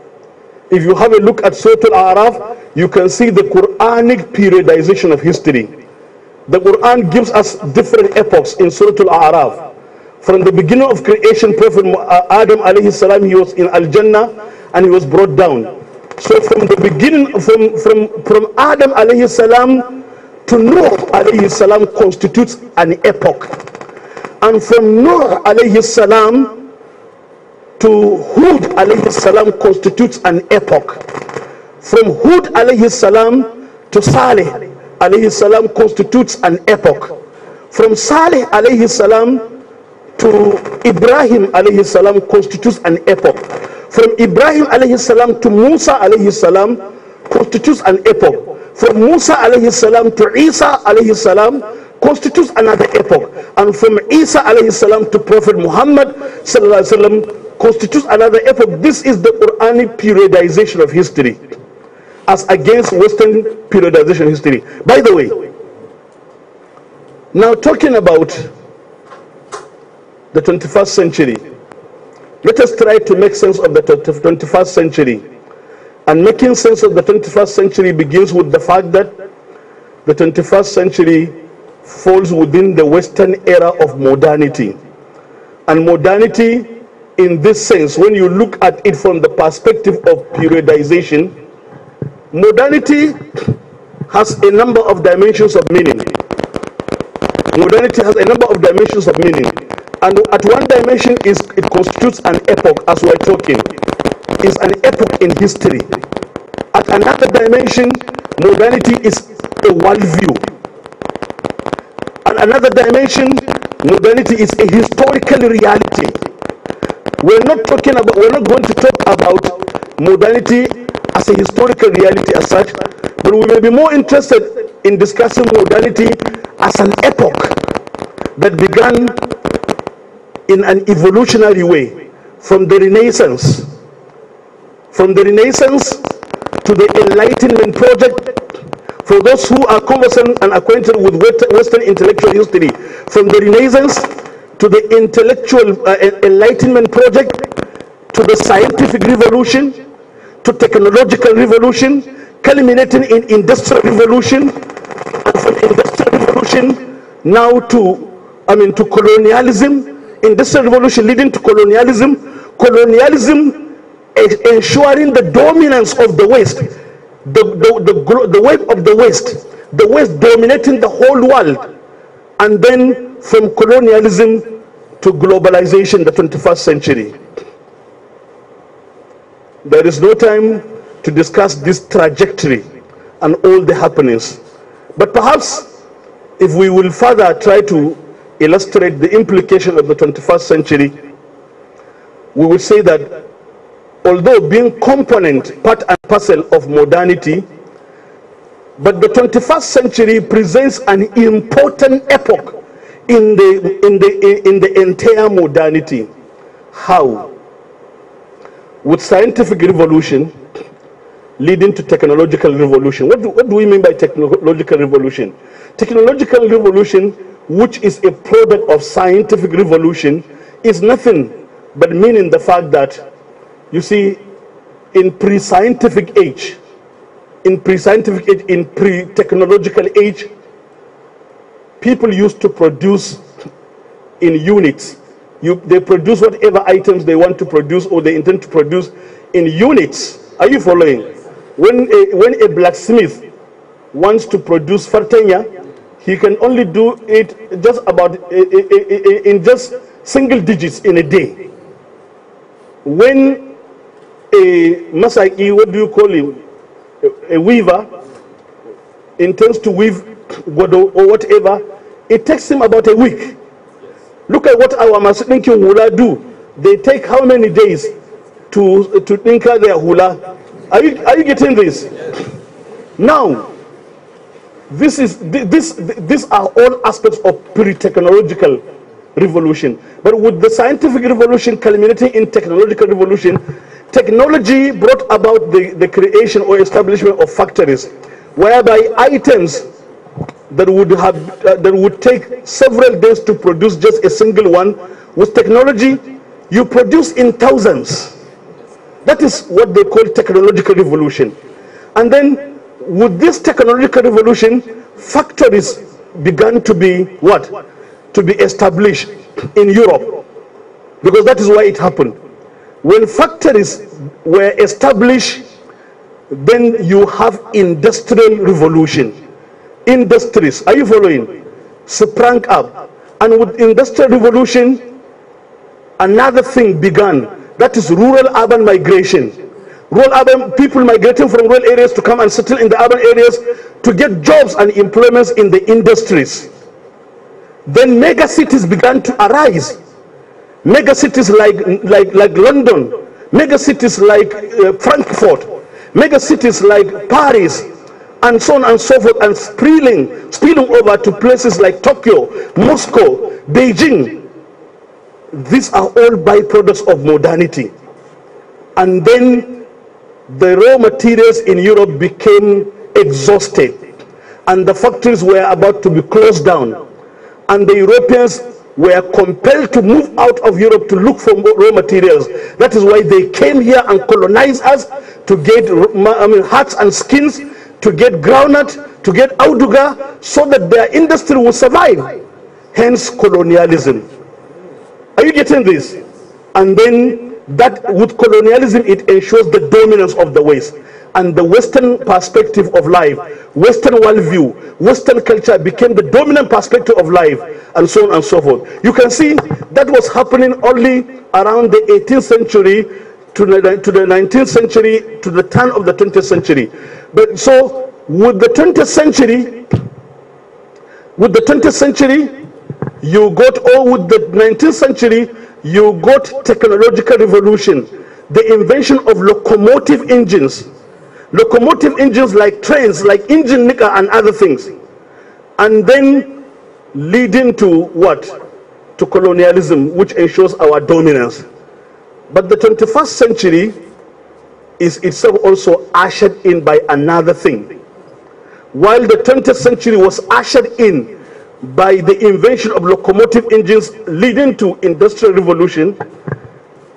If you have a look at Surah Al-A'raf, you can see the Quranic periodization of history. The Quran gives us different epochs in Surah Al-A'raf. From the beginning of creation, Prophet uh, Adam alayhi salam, he was in Al-Jannah and he was brought down. So from the beginning, from, from, from Adam alayhi salam to Noah alayhi salam constitutes an epoch. And from Noah alayhi salam to Hud alayhi salam constitutes an epoch. From Hud alayhi salam to Saleh alayhi salam constitutes an epoch. From Saleh alayhi salam to Ibrahim alayhi salam constitutes an epoch. From Ibrahim alayhi salam to Musa alayhi salam constitutes an epoch. From Musa alayhi salam to Isa alayhi salam constitutes another epoch. And from Isa alayhi salam to Prophet Muhammad sallallahu alayhi salam constitutes another epoch. This is the Quranic periodization of history as against Western periodization history. By the way, now talking about the 21st century, let us try to make sense of the 21st century. And making sense of the 21st century begins with the fact that the 21st century falls within the Western era of modernity. And modernity, in this sense, when you look at it from the perspective of periodization, modernity has a number of dimensions of meaning. Modernity has a number of dimensions of meaning. And at one dimension, is it constitutes an epoch, as we're talking, is an epoch in history. At another dimension, modernity is a worldview. At another dimension, modernity is a historical reality. We're not talking about, we're not going to talk about modernity as a historical reality as such, but we may be more interested in discussing modality as an epoch that began in an evolutionary way from the Renaissance, from the Renaissance to the Enlightenment Project. For those who are conversant and acquainted with Western intellectual history, from the Renaissance to the intellectual uh, enlightenment project, to the scientific revolution, to technological revolution, culminating in industrial revolution, and from industrial revolution now to, I mean, to colonialism, industrial revolution leading to colonialism, colonialism ensuring the dominance of the West, the, the, the, the wave of the West, the West dominating the whole world, and then from colonialism to globalization, the 21st century. There is no time to discuss this trajectory and all the happenings. But perhaps if we will further try to illustrate the implication of the 21st century, we would say that although being component, part and parcel of modernity, but the 21st century presents an important epoch in the, in the, in the entire modernity. How? with scientific revolution leading to technological revolution. What do, what do we mean by technological revolution? Technological revolution, which is a product of scientific revolution, is nothing but meaning the fact that, you see, in pre-scientific age, in pre-scientific age, in pre-technological age, people used to produce in units you, they produce whatever items they want to produce or they intend to produce in units. Are you following? When a, when a blacksmith wants to produce fartenya, he can only do it just about eh, eh, eh, in just single digits in a day. When a masaki, what do you call him, a, a weaver, intends to weave godo or whatever, it takes him about a week Look at what our Masninki hula do. They take how many days to, to tinker their hula? Are you, are you getting this? Now, this is, this, these are all aspects of pre-technological revolution. But with the scientific revolution culminating in technological revolution, technology brought about the, the creation or establishment of factories, whereby items that would have uh, that would take several days to produce just a single one with technology you produce in thousands that is what they call technological revolution and then with this technological revolution factories began to be what to be established in Europe because that is why it happened when factories were established then you have industrial revolution industries, are you following, sprang up. And with industrial revolution, another thing began. That is rural-urban migration. Rural-urban people migrating from rural areas to come and settle in the urban areas to get jobs and employments in the industries. Then mega cities began to arise. Mega cities like, like, like London, mega cities like uh, Frankfurt, mega cities like Paris, and so on and so forth, and spilling, spilling over to places like Tokyo, Moscow, Beijing. These are all byproducts of modernity. And then the raw materials in Europe became exhausted, and the factories were about to be closed down. And the Europeans were compelled to move out of Europe to look for raw materials. That is why they came here and colonized us to get I mean, hearts and skins to get groundnut, to get auduga, so that their industry will survive. Hence colonialism. Are you getting this? And then that with colonialism, it ensures the dominance of the West. And the Western perspective of life, Western worldview, Western culture became the dominant perspective of life, and so on and so forth. You can see that was happening only around the 18th century to the, to the 19th century, to the turn of the 20th century. But so with the 20th century, with the 20th century, you got, or with the 19th century, you got technological revolution, the invention of locomotive engines, locomotive engines like trains, like engine nicker and other things, and then leading to what? To colonialism, which ensures our dominance. But the 21st century is itself also ushered in by another thing. While the 20th century was ushered in by the invention of locomotive engines leading to industrial revolution,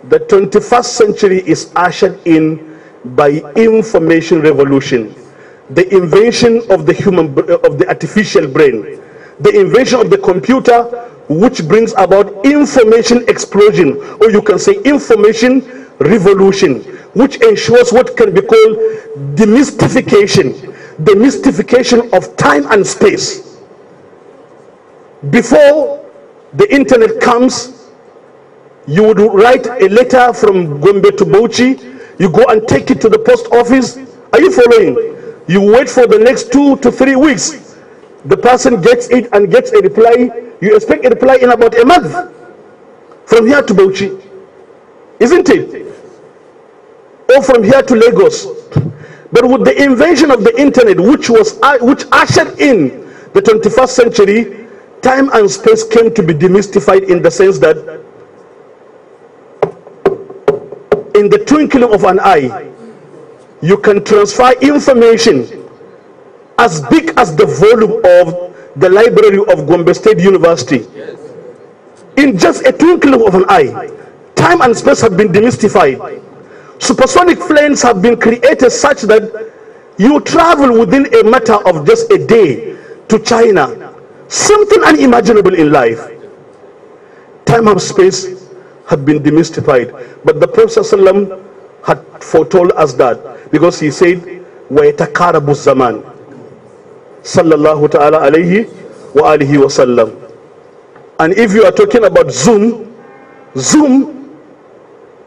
the 21st century is ushered in by information revolution, the invention of the human of the artificial brain, the invention of the computer, which brings about information explosion or you can say information revolution which ensures what can be called demystification the mystification of time and space before the internet comes you would write a letter from Gombe to Bauchi you go and take it to the post office are you following you wait for the next two to three weeks the person gets it and gets a reply you expect a reply in about a month from here to Bauchi, isn't it? Or from here to Lagos. But with the invention of the internet, which was uh, which ushered in the 21st century, time and space came to be demystified in the sense that in the twinkling of an eye, you can transfer information as big as the volume of the library of Gombe State University. Yes. In just a twinkling of an eye, time and space have been demystified. Supersonic planes have been created such that you travel within a matter of just a day to China. Something unimaginable in life. Time and space have been demystified. But the Prophet had foretold us that because he said, وَيَتَقَارَبُ الزَّمَانِ sallallahu ta'ala alayhi wa alihi wa sallam. And if you are talking about Zoom, Zoom,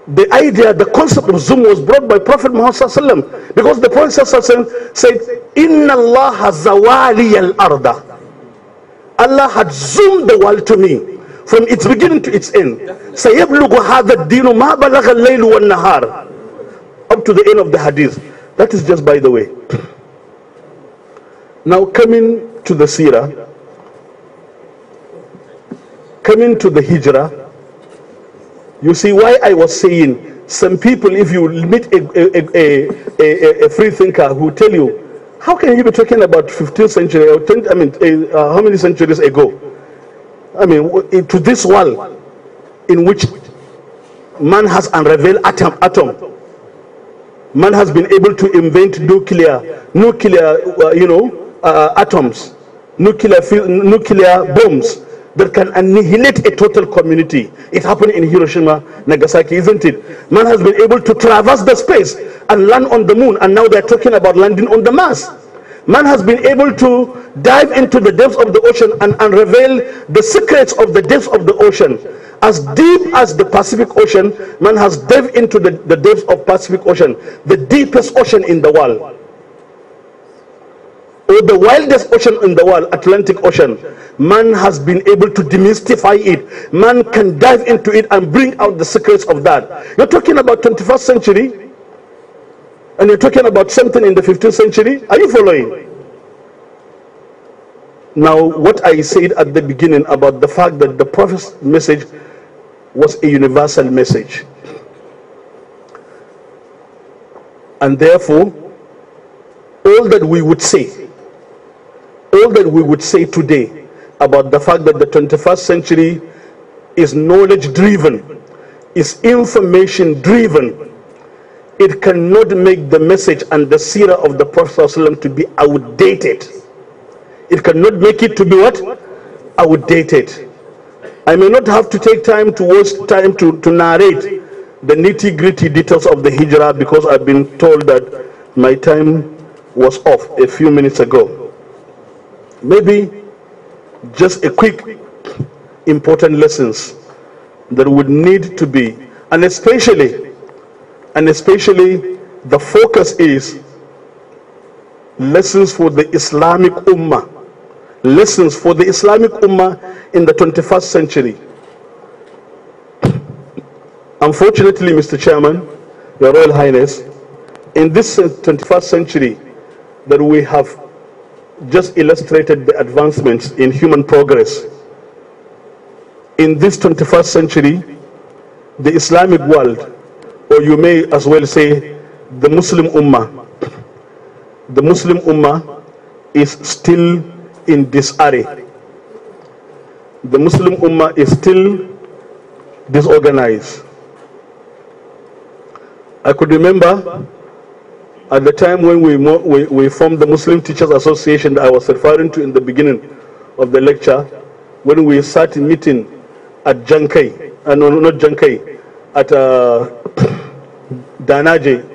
the idea, the concept of Zoom was brought by Prophet Muhammad sallam, because the Prophet sallam, said, Inna Allah zawali al arda. Allah had zoomed the world to me from its beginning to its end. Sayyablugu hadha dinu ma balagha al-laylu nahar Up to the end of the hadith. That is just by the way. Now coming to the seerah, coming to the hijrah, you see why I was saying some people, if you meet a, a, a, a, a free thinker who tell you, how can you be talking about 15th century or 10th, I mean, uh, how many centuries ago? I mean, to this world in which man has unraveled atom, atom. Man has been able to invent nuclear, nuclear, uh, you know, uh, atoms, nuclear, nuclear bombs that can annihilate a total community. It happened in Hiroshima, Nagasaki, isn't it? Man has been able to traverse the space and land on the moon, and now they're talking about landing on the Mars. Man has been able to dive into the depths of the ocean and unravel the secrets of the depths of the ocean. As deep as the Pacific Ocean, man has dived into the, the depths of Pacific Ocean, the deepest ocean in the world or the wildest ocean in the world, Atlantic Ocean, man has been able to demystify it. Man can dive into it and bring out the secrets of that. You're talking about 21st century, and you're talking about something in the 15th century. Are you following? Now, what I said at the beginning about the fact that the prophet's message was a universal message. And therefore, all that we would say all that we would say today about the fact that the 21st century is knowledge driven, is information driven, it cannot make the message and the seerah of the Prophet ﷺ to be outdated. It cannot make it to be what? Outdated. I may not have to take time to waste time to, to narrate the nitty gritty details of the hijrah because I've been told that my time was off a few minutes ago maybe just a quick important lessons that would need to be and especially and especially the focus is lessons for the Islamic Ummah lessons for the Islamic Ummah in the 21st century unfortunately Mr. Chairman Your Royal Highness in this 21st century that we have just illustrated the advancements in human progress. In this 21st century, the Islamic world, or you may as well say the Muslim Ummah, the Muslim Ummah is still in disarray. The Muslim Ummah is still disorganized. I could remember at the time when we, we, we formed the Muslim Teachers Association that I was referring to in the beginning of the lecture, when we sat in meeting at Jankai, uh, no, not Jankai, at uh, Danaje,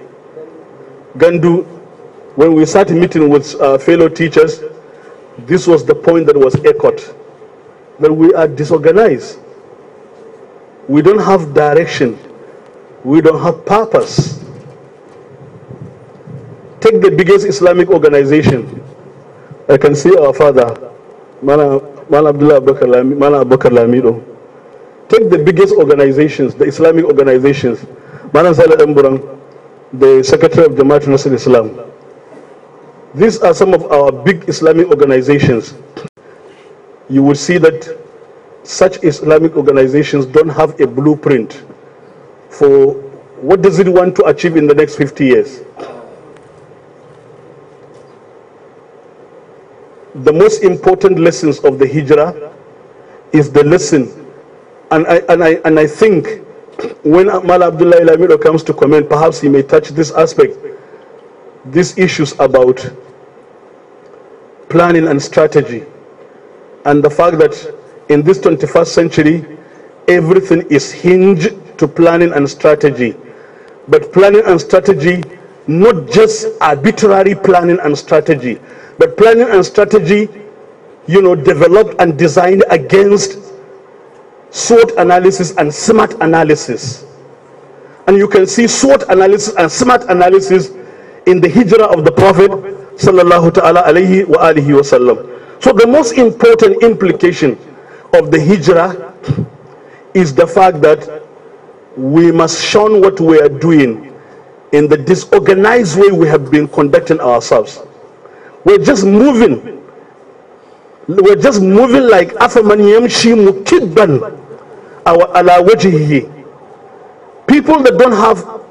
Gandu, when we sat in meeting with uh, fellow teachers, this was the point that was echoed, that we are disorganized. We don't have direction. We don't have purpose Take the biggest Islamic organization. I can see our father, Mala Abdullah Abakar Lamido. Take the biggest organizations, the Islamic organizations. Malam Salah the secretary of Jamaat Nasir Islam. These are some of our big Islamic organizations. You will see that such Islamic organizations don't have a blueprint for what does it want to achieve in the next 50 years. the most important lessons of the hijrah is the lesson. And I, and I, and I think when Mal Abdullah comes to comment, perhaps he may touch this aspect, these issues about planning and strategy, and the fact that in this 21st century, everything is hinged to planning and strategy. But planning and strategy, not just arbitrary planning and strategy, but planning and strategy, you know, developed and designed against SWOT analysis and SMART analysis. And you can see SWOT analysis and SMART analysis in the hijrah of the Prophet sallallahu ta'ala alayhi wa alihi wasallam. So the most important implication of the hijrah is the fact that we must shun what we are doing in the disorganized way we have been conducting ourselves. We're just moving. We're just moving like Afaman Yamshi Mukibban People that don't have,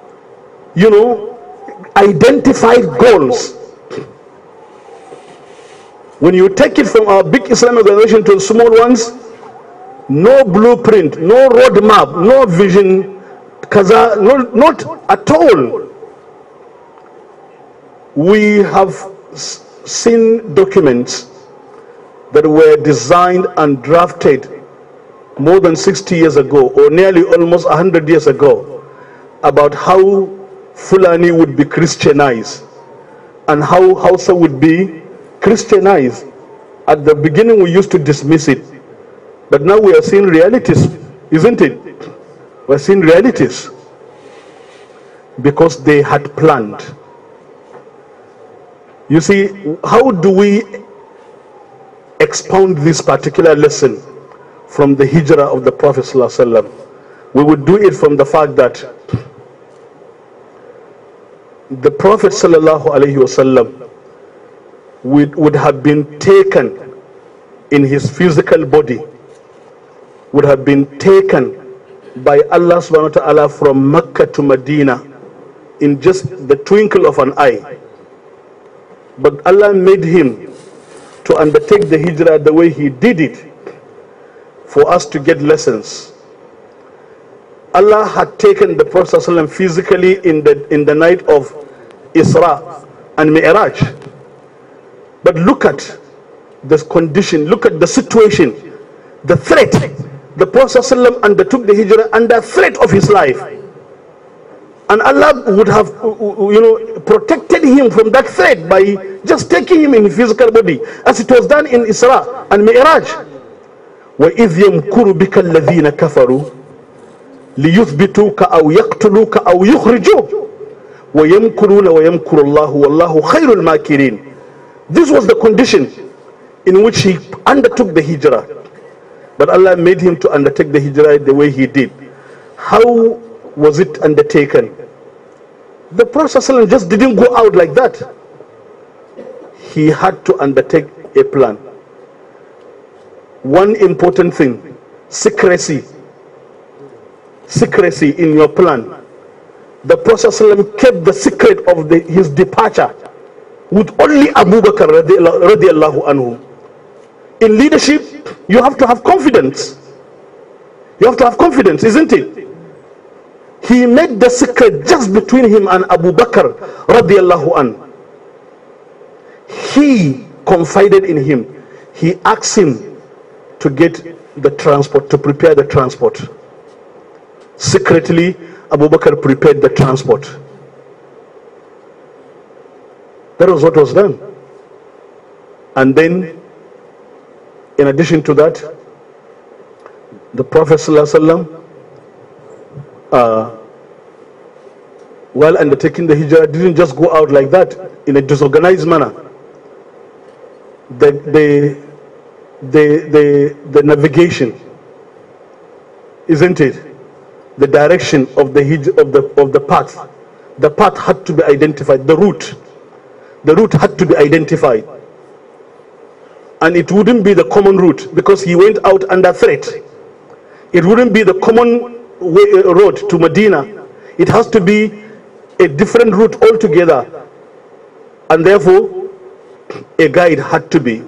you know, identified goals. When you take it from our big Islamic organization to small ones, no blueprint, no roadmap, no vision, because no, not at all. We have seen documents that were designed and drafted more than 60 years ago or nearly almost 100 years ago about how Fulani would be Christianized and how Hausa would be Christianized. At the beginning we used to dismiss it, but now we are seeing realities, isn't it? We're seeing realities because they had planned. You see, how do we expound this particular lesson from the hijrah of the Prophet ﷺ? We would do it from the fact that the Prophet ﷺ would, would have been taken in his physical body, would have been taken by Allah subhanahu wa ta'ala from Mecca to Medina in just the twinkle of an eye but Allah made him to undertake the hijrah the way he did it for us to get lessons. Allah had taken the Prophet ﷺ physically in the, in the night of Isra and Mi'raj. But look at this condition, look at the situation, the threat. The Prophet ﷺ undertook the hijrah under threat of his life. And Allah would have, uh, uh, you know, protected him from that threat by just taking him in physical body, as it was done in Isra and Mi'raj. وَإِذْ يَمْكُرُ بِكَ الَّذِينَ كَفَرُوا لِيُثْبِتُوكَ أَوْ يَقْتُلُوكَ أَوْ يُخْرِجُوكَ وَيَمْكُرُونَ وَيَمْكُرُ اللَّهُ وَاللَّهُ خَيْرُ الْمَاكِرِينَ This was the condition in which he undertook the hijrah. But Allah made him to undertake the hijrah the way he did. How was it undertaken. The Prophet just didn't go out like that. He had to undertake a plan. One important thing, secrecy. Secrecy in your plan. The Prophet kept the secret of the, his departure with only Abu Bakr radiallahu anhu. In leadership, you have to have confidence. You have to have confidence, isn't it? he made the secret just between him and Abu Bakr radiallahu an. He confided in him. He asked him to get the transport, to prepare the transport. Secretly, Abu Bakr prepared the transport. That was what was done. And then, in addition to that, the Prophet sallallahu alaihi wasallam uh, while undertaking the hijrah didn't just go out like that in a disorganized manner. The, the, the, the, the navigation, isn't it? The direction of the, of the, of the path. The path had to be identified, the route. The route had to be identified. And it wouldn't be the common route because he went out under threat. It wouldn't be the common Way uh, road to Medina, it has to be a different route altogether. And therefore, a guide had to be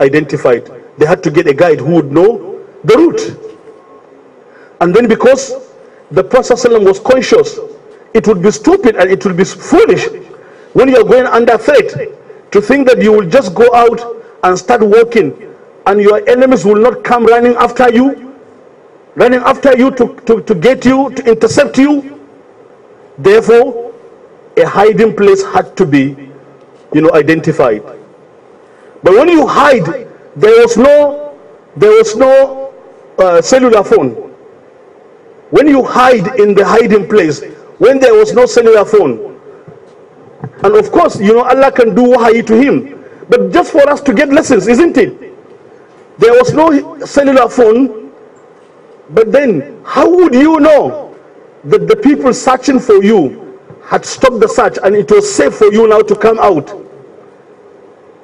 identified. They had to get a guide who would know the route. And then because the Prophet was conscious, it would be stupid and it would be foolish when you are going under threat to think that you will just go out and start walking and your enemies will not come running after you running after you to, to, to get you, to intercept you. Therefore, a hiding place had to be, you know, identified. But when you hide, there was no, there was no uh, cellular phone. When you hide in the hiding place, when there was no cellular phone, and of course, you know, Allah can do wahi to him. But just for us to get lessons, isn't it? There was no cellular phone but then, how would you know that the people searching for you had stopped the search and it was safe for you now to come out?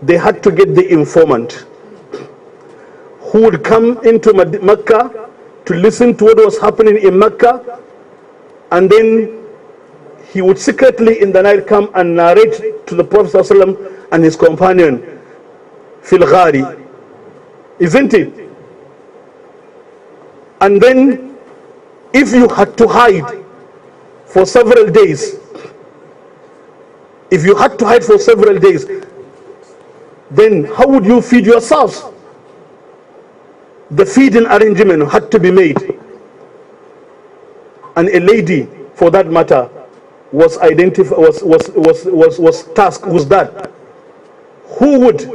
They had to get the informant who would come into Mecca to listen to what was happening in Mecca and then he would secretly in the night come and narrate to the Prophet and his companion Filghari. Isn't it? and then if you had to hide for several days if you had to hide for several days then how would you feed yourselves the feeding arrangement had to be made and a lady for that matter was identified was, was was was was tasked with that who would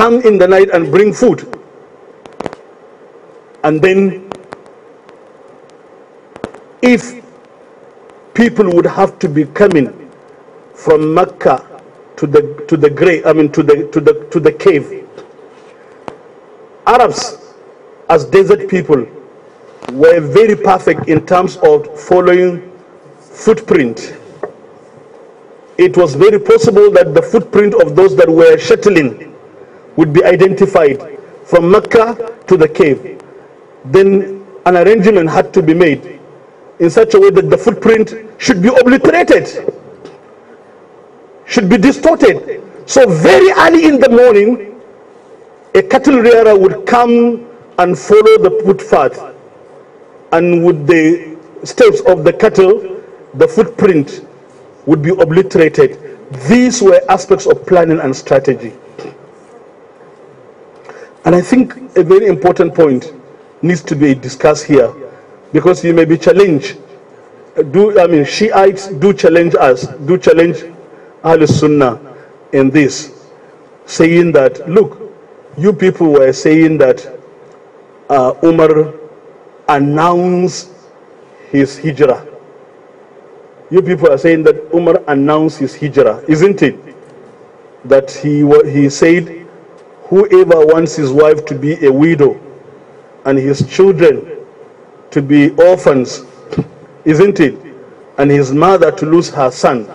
come in the night and bring food and then if people would have to be coming from Mecca to the to the grave, I mean to the to the to the cave. Arabs as desert people were very perfect in terms of following footprint. It was very possible that the footprint of those that were shuttling would be identified from Mecca to the cave then an arrangement had to be made in such a way that the footprint should be obliterated, should be distorted. So very early in the morning, a cattle rearer would come and follow the footpath and with the steps of the cattle, the footprint would be obliterated. These were aspects of planning and strategy. And I think a very important point needs to be discussed here because you may be challenged. Do I mean Shiites do challenge us, do challenge Al Sunnah in this, saying that look, you people were saying that uh, Umar announced his hijrah. You people are saying that Umar announced his hijrah, isn't it? That he, he said, whoever wants his wife to be a widow, and his children to be orphans, isn't it? And his mother to lose her son.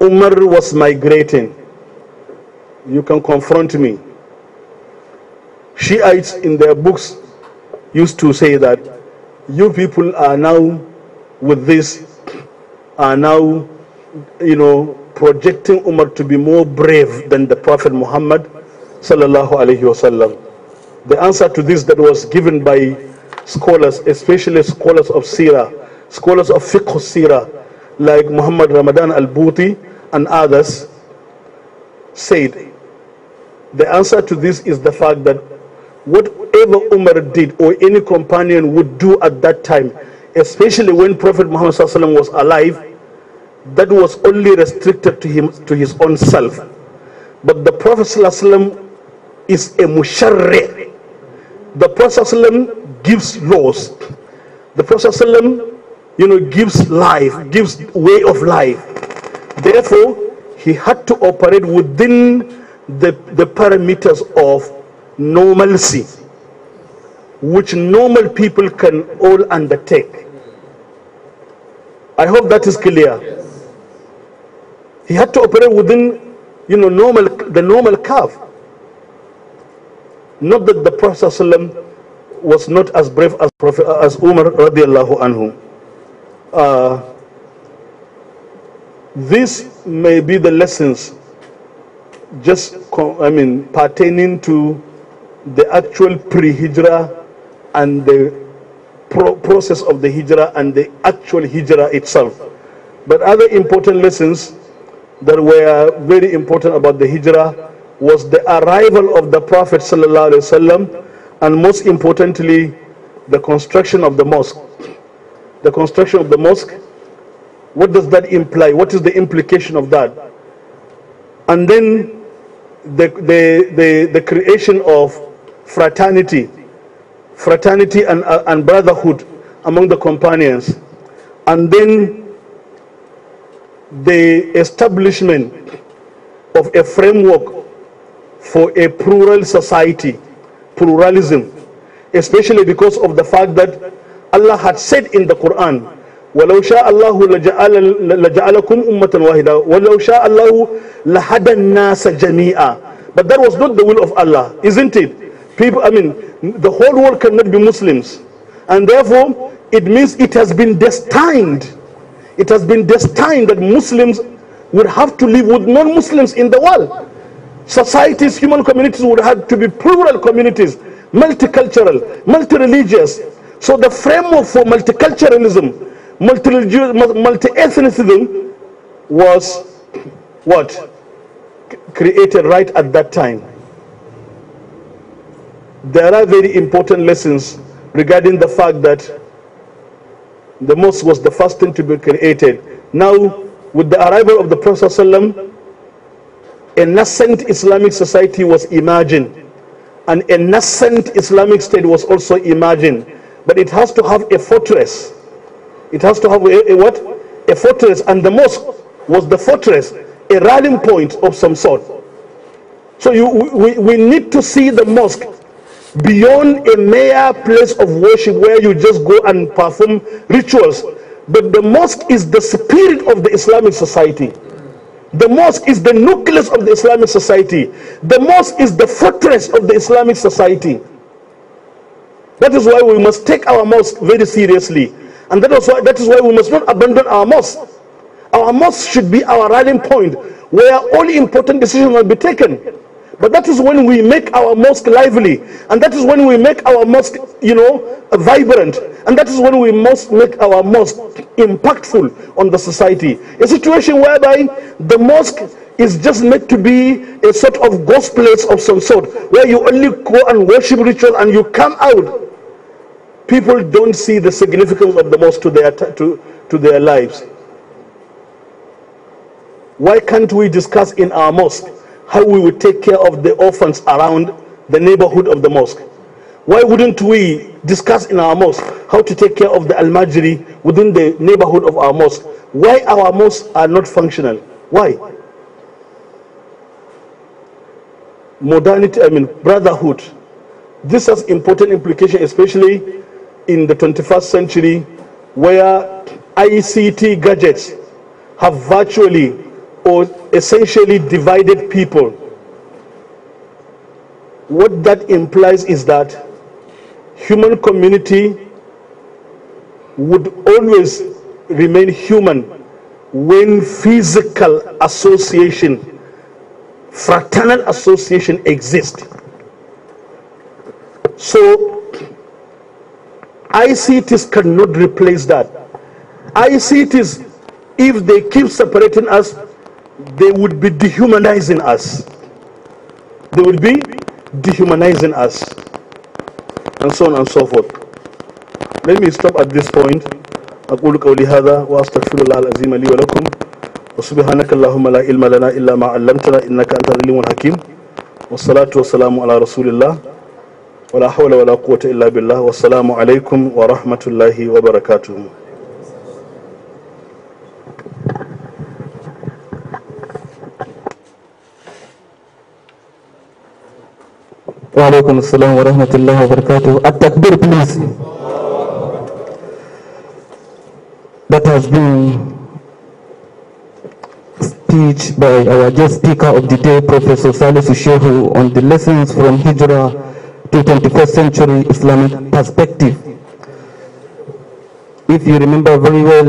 Umar was migrating. You can confront me. Shiites in their books used to say that you people are now with this, are now, you know, projecting Umar to be more brave than the Prophet Muhammad sallallahu alayhi wasallam. The answer to this that was given by scholars, especially scholars of Sirah, scholars of fiqh Sirah, like Muhammad Ramadan al-Bouti and others, said, the answer to this is the fact that whatever Umar did or any companion would do at that time, especially when Prophet Muhammad was alive, that was only restricted to him to his own self. But the Prophet is a musharri, the Prophet gives laws. The Prophet you know, gives life, gives way of life. Therefore, he had to operate within the, the parameters of normalcy, which normal people can all undertake. I hope that is clear. He had to operate within, you know, normal, the normal curve. Not that the Prophet ﷺ was not as brave as, Prophet, as Umar radiallahu anhu. Uh, this may be the lessons just, I mean, pertaining to the actual pre-Hijrah and the pro process of the Hijrah and the actual Hijrah itself. But other important lessons that were very important about the Hijrah was the arrival of the Prophet and most importantly, the construction of the mosque. The construction of the mosque, what does that imply? What is the implication of that? And then the, the, the, the creation of fraternity, fraternity and, uh, and brotherhood among the companions. And then the establishment of a framework for a plural society, pluralism, especially because of the fact that Allah had said in the Quran, ولو شاء الله لجعلكم أمة واحدة ولو شاء الله الناس جميعا but that was not the will of Allah isn't it people I mean the whole world cannot be Muslims and therefore it means it has been destined it has been destined that Muslims would have to live with non-Muslims in the world societies, human communities would have to be plural communities, multicultural, multi-religious. So the framework for multiculturalism, multi-ethnicism was what? Created right at that time. There are very important lessons regarding the fact that the mosque was the first thing to be created. Now, with the arrival of the Prophet Sallallahu a nascent Islamic society was emerging and a nascent Islamic state was also emerging. But it has to have a fortress. It has to have a, a what? A fortress. And the mosque was the fortress, a rallying point of some sort. So you, we, we need to see the mosque beyond a mere place of worship where you just go and perform rituals. But the mosque is the spirit of the Islamic society. The mosque is the nucleus of the Islamic society. The mosque is the fortress of the Islamic society. That is why we must take our mosque very seriously. And that is why, that is why we must not abandon our mosque. Our mosque should be our rallying point where all important decisions will be taken. But that is when we make our mosque lively. And that is when we make our mosque, you know, vibrant. And that is when we must make our mosque impactful on the society. A situation whereby the mosque is just meant to be a sort of ghost place of some sort, where you only go and worship ritual and you come out. People don't see the significance of the mosque to their, to, to their lives. Why can't we discuss in our mosque how we would take care of the orphans around the neighborhood of the mosque. Why wouldn't we discuss in our mosque how to take care of the almajiri within the neighborhood of our mosque? Why our mosques are not functional? Why? Modernity, I mean, brotherhood. This has important implication, especially in the 21st century, where ICT gadgets have virtually or essentially divided people. What that implies is that human community would always remain human when physical association, fraternal association exists. So ICTs cannot replace that. ICTs, if they keep separating us, they would be dehumanizing us. They would be dehumanizing us. And so on and so forth. Let me stop at this point. أقول قولي هذا وأستغفر الله العظيم لي ولكم وسبحانك اللهم لا علم لنا إلا ما علمتنا إنك أنت العليم الحكيم والصلاة والسلام على رسول الله ولا حول ولا قوة إلا بالله والسلام عليكم ورحمة الله وبركاته That has been speech by our guest speaker of the day, Professor Salih Shehu, on the lessons from Hijrah to 21st century Islamic perspective. If you remember very well,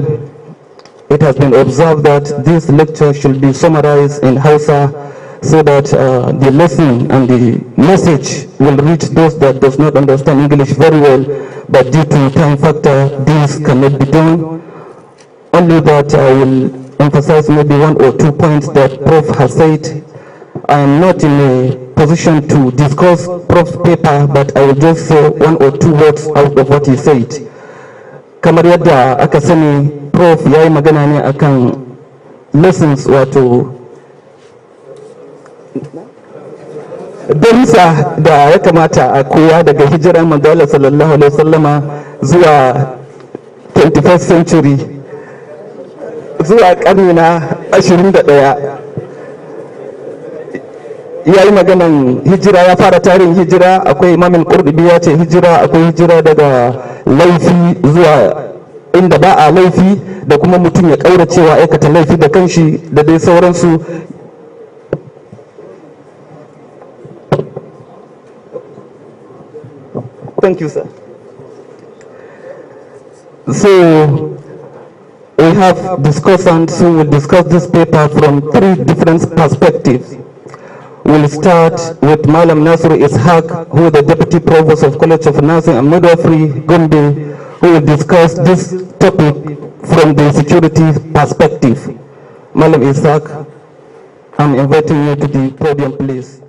it has been observed that this lecture should be summarized in Hausa so that uh, the lesson and the message will reach those that does not understand English very well, but due to time factor, this cannot be done. Only that I will emphasize maybe one or two points that Prof has said. I am not in a position to discuss Prof's paper, but I will just say one or two words out of what he said. Kamar yadda Prof yai magana lessons wato Darisa da ya kamata a kowa daga hijiran manzala sallallahu alaihi wasallama zuwa 21st century zuwa karni na 21 ya yi maganan hijira ya fara tarin hijira akwai imamin kurdubi ya ce hijira akwai hijira daga laifi zuwa inda ba a laifi da kuma mutum ya ƙauracewa aikata laifi da kanshi da dai sauransu Thank you, sir. So we have discussants who will discuss this paper from three different perspectives. We'll start with Malam Nasru Ishaq, who is the Deputy Provost of College of Nursing and Midwifery, Gombe, who will discuss this topic from the security perspective. Malam Ishaq, I'm inviting you to the podium, please.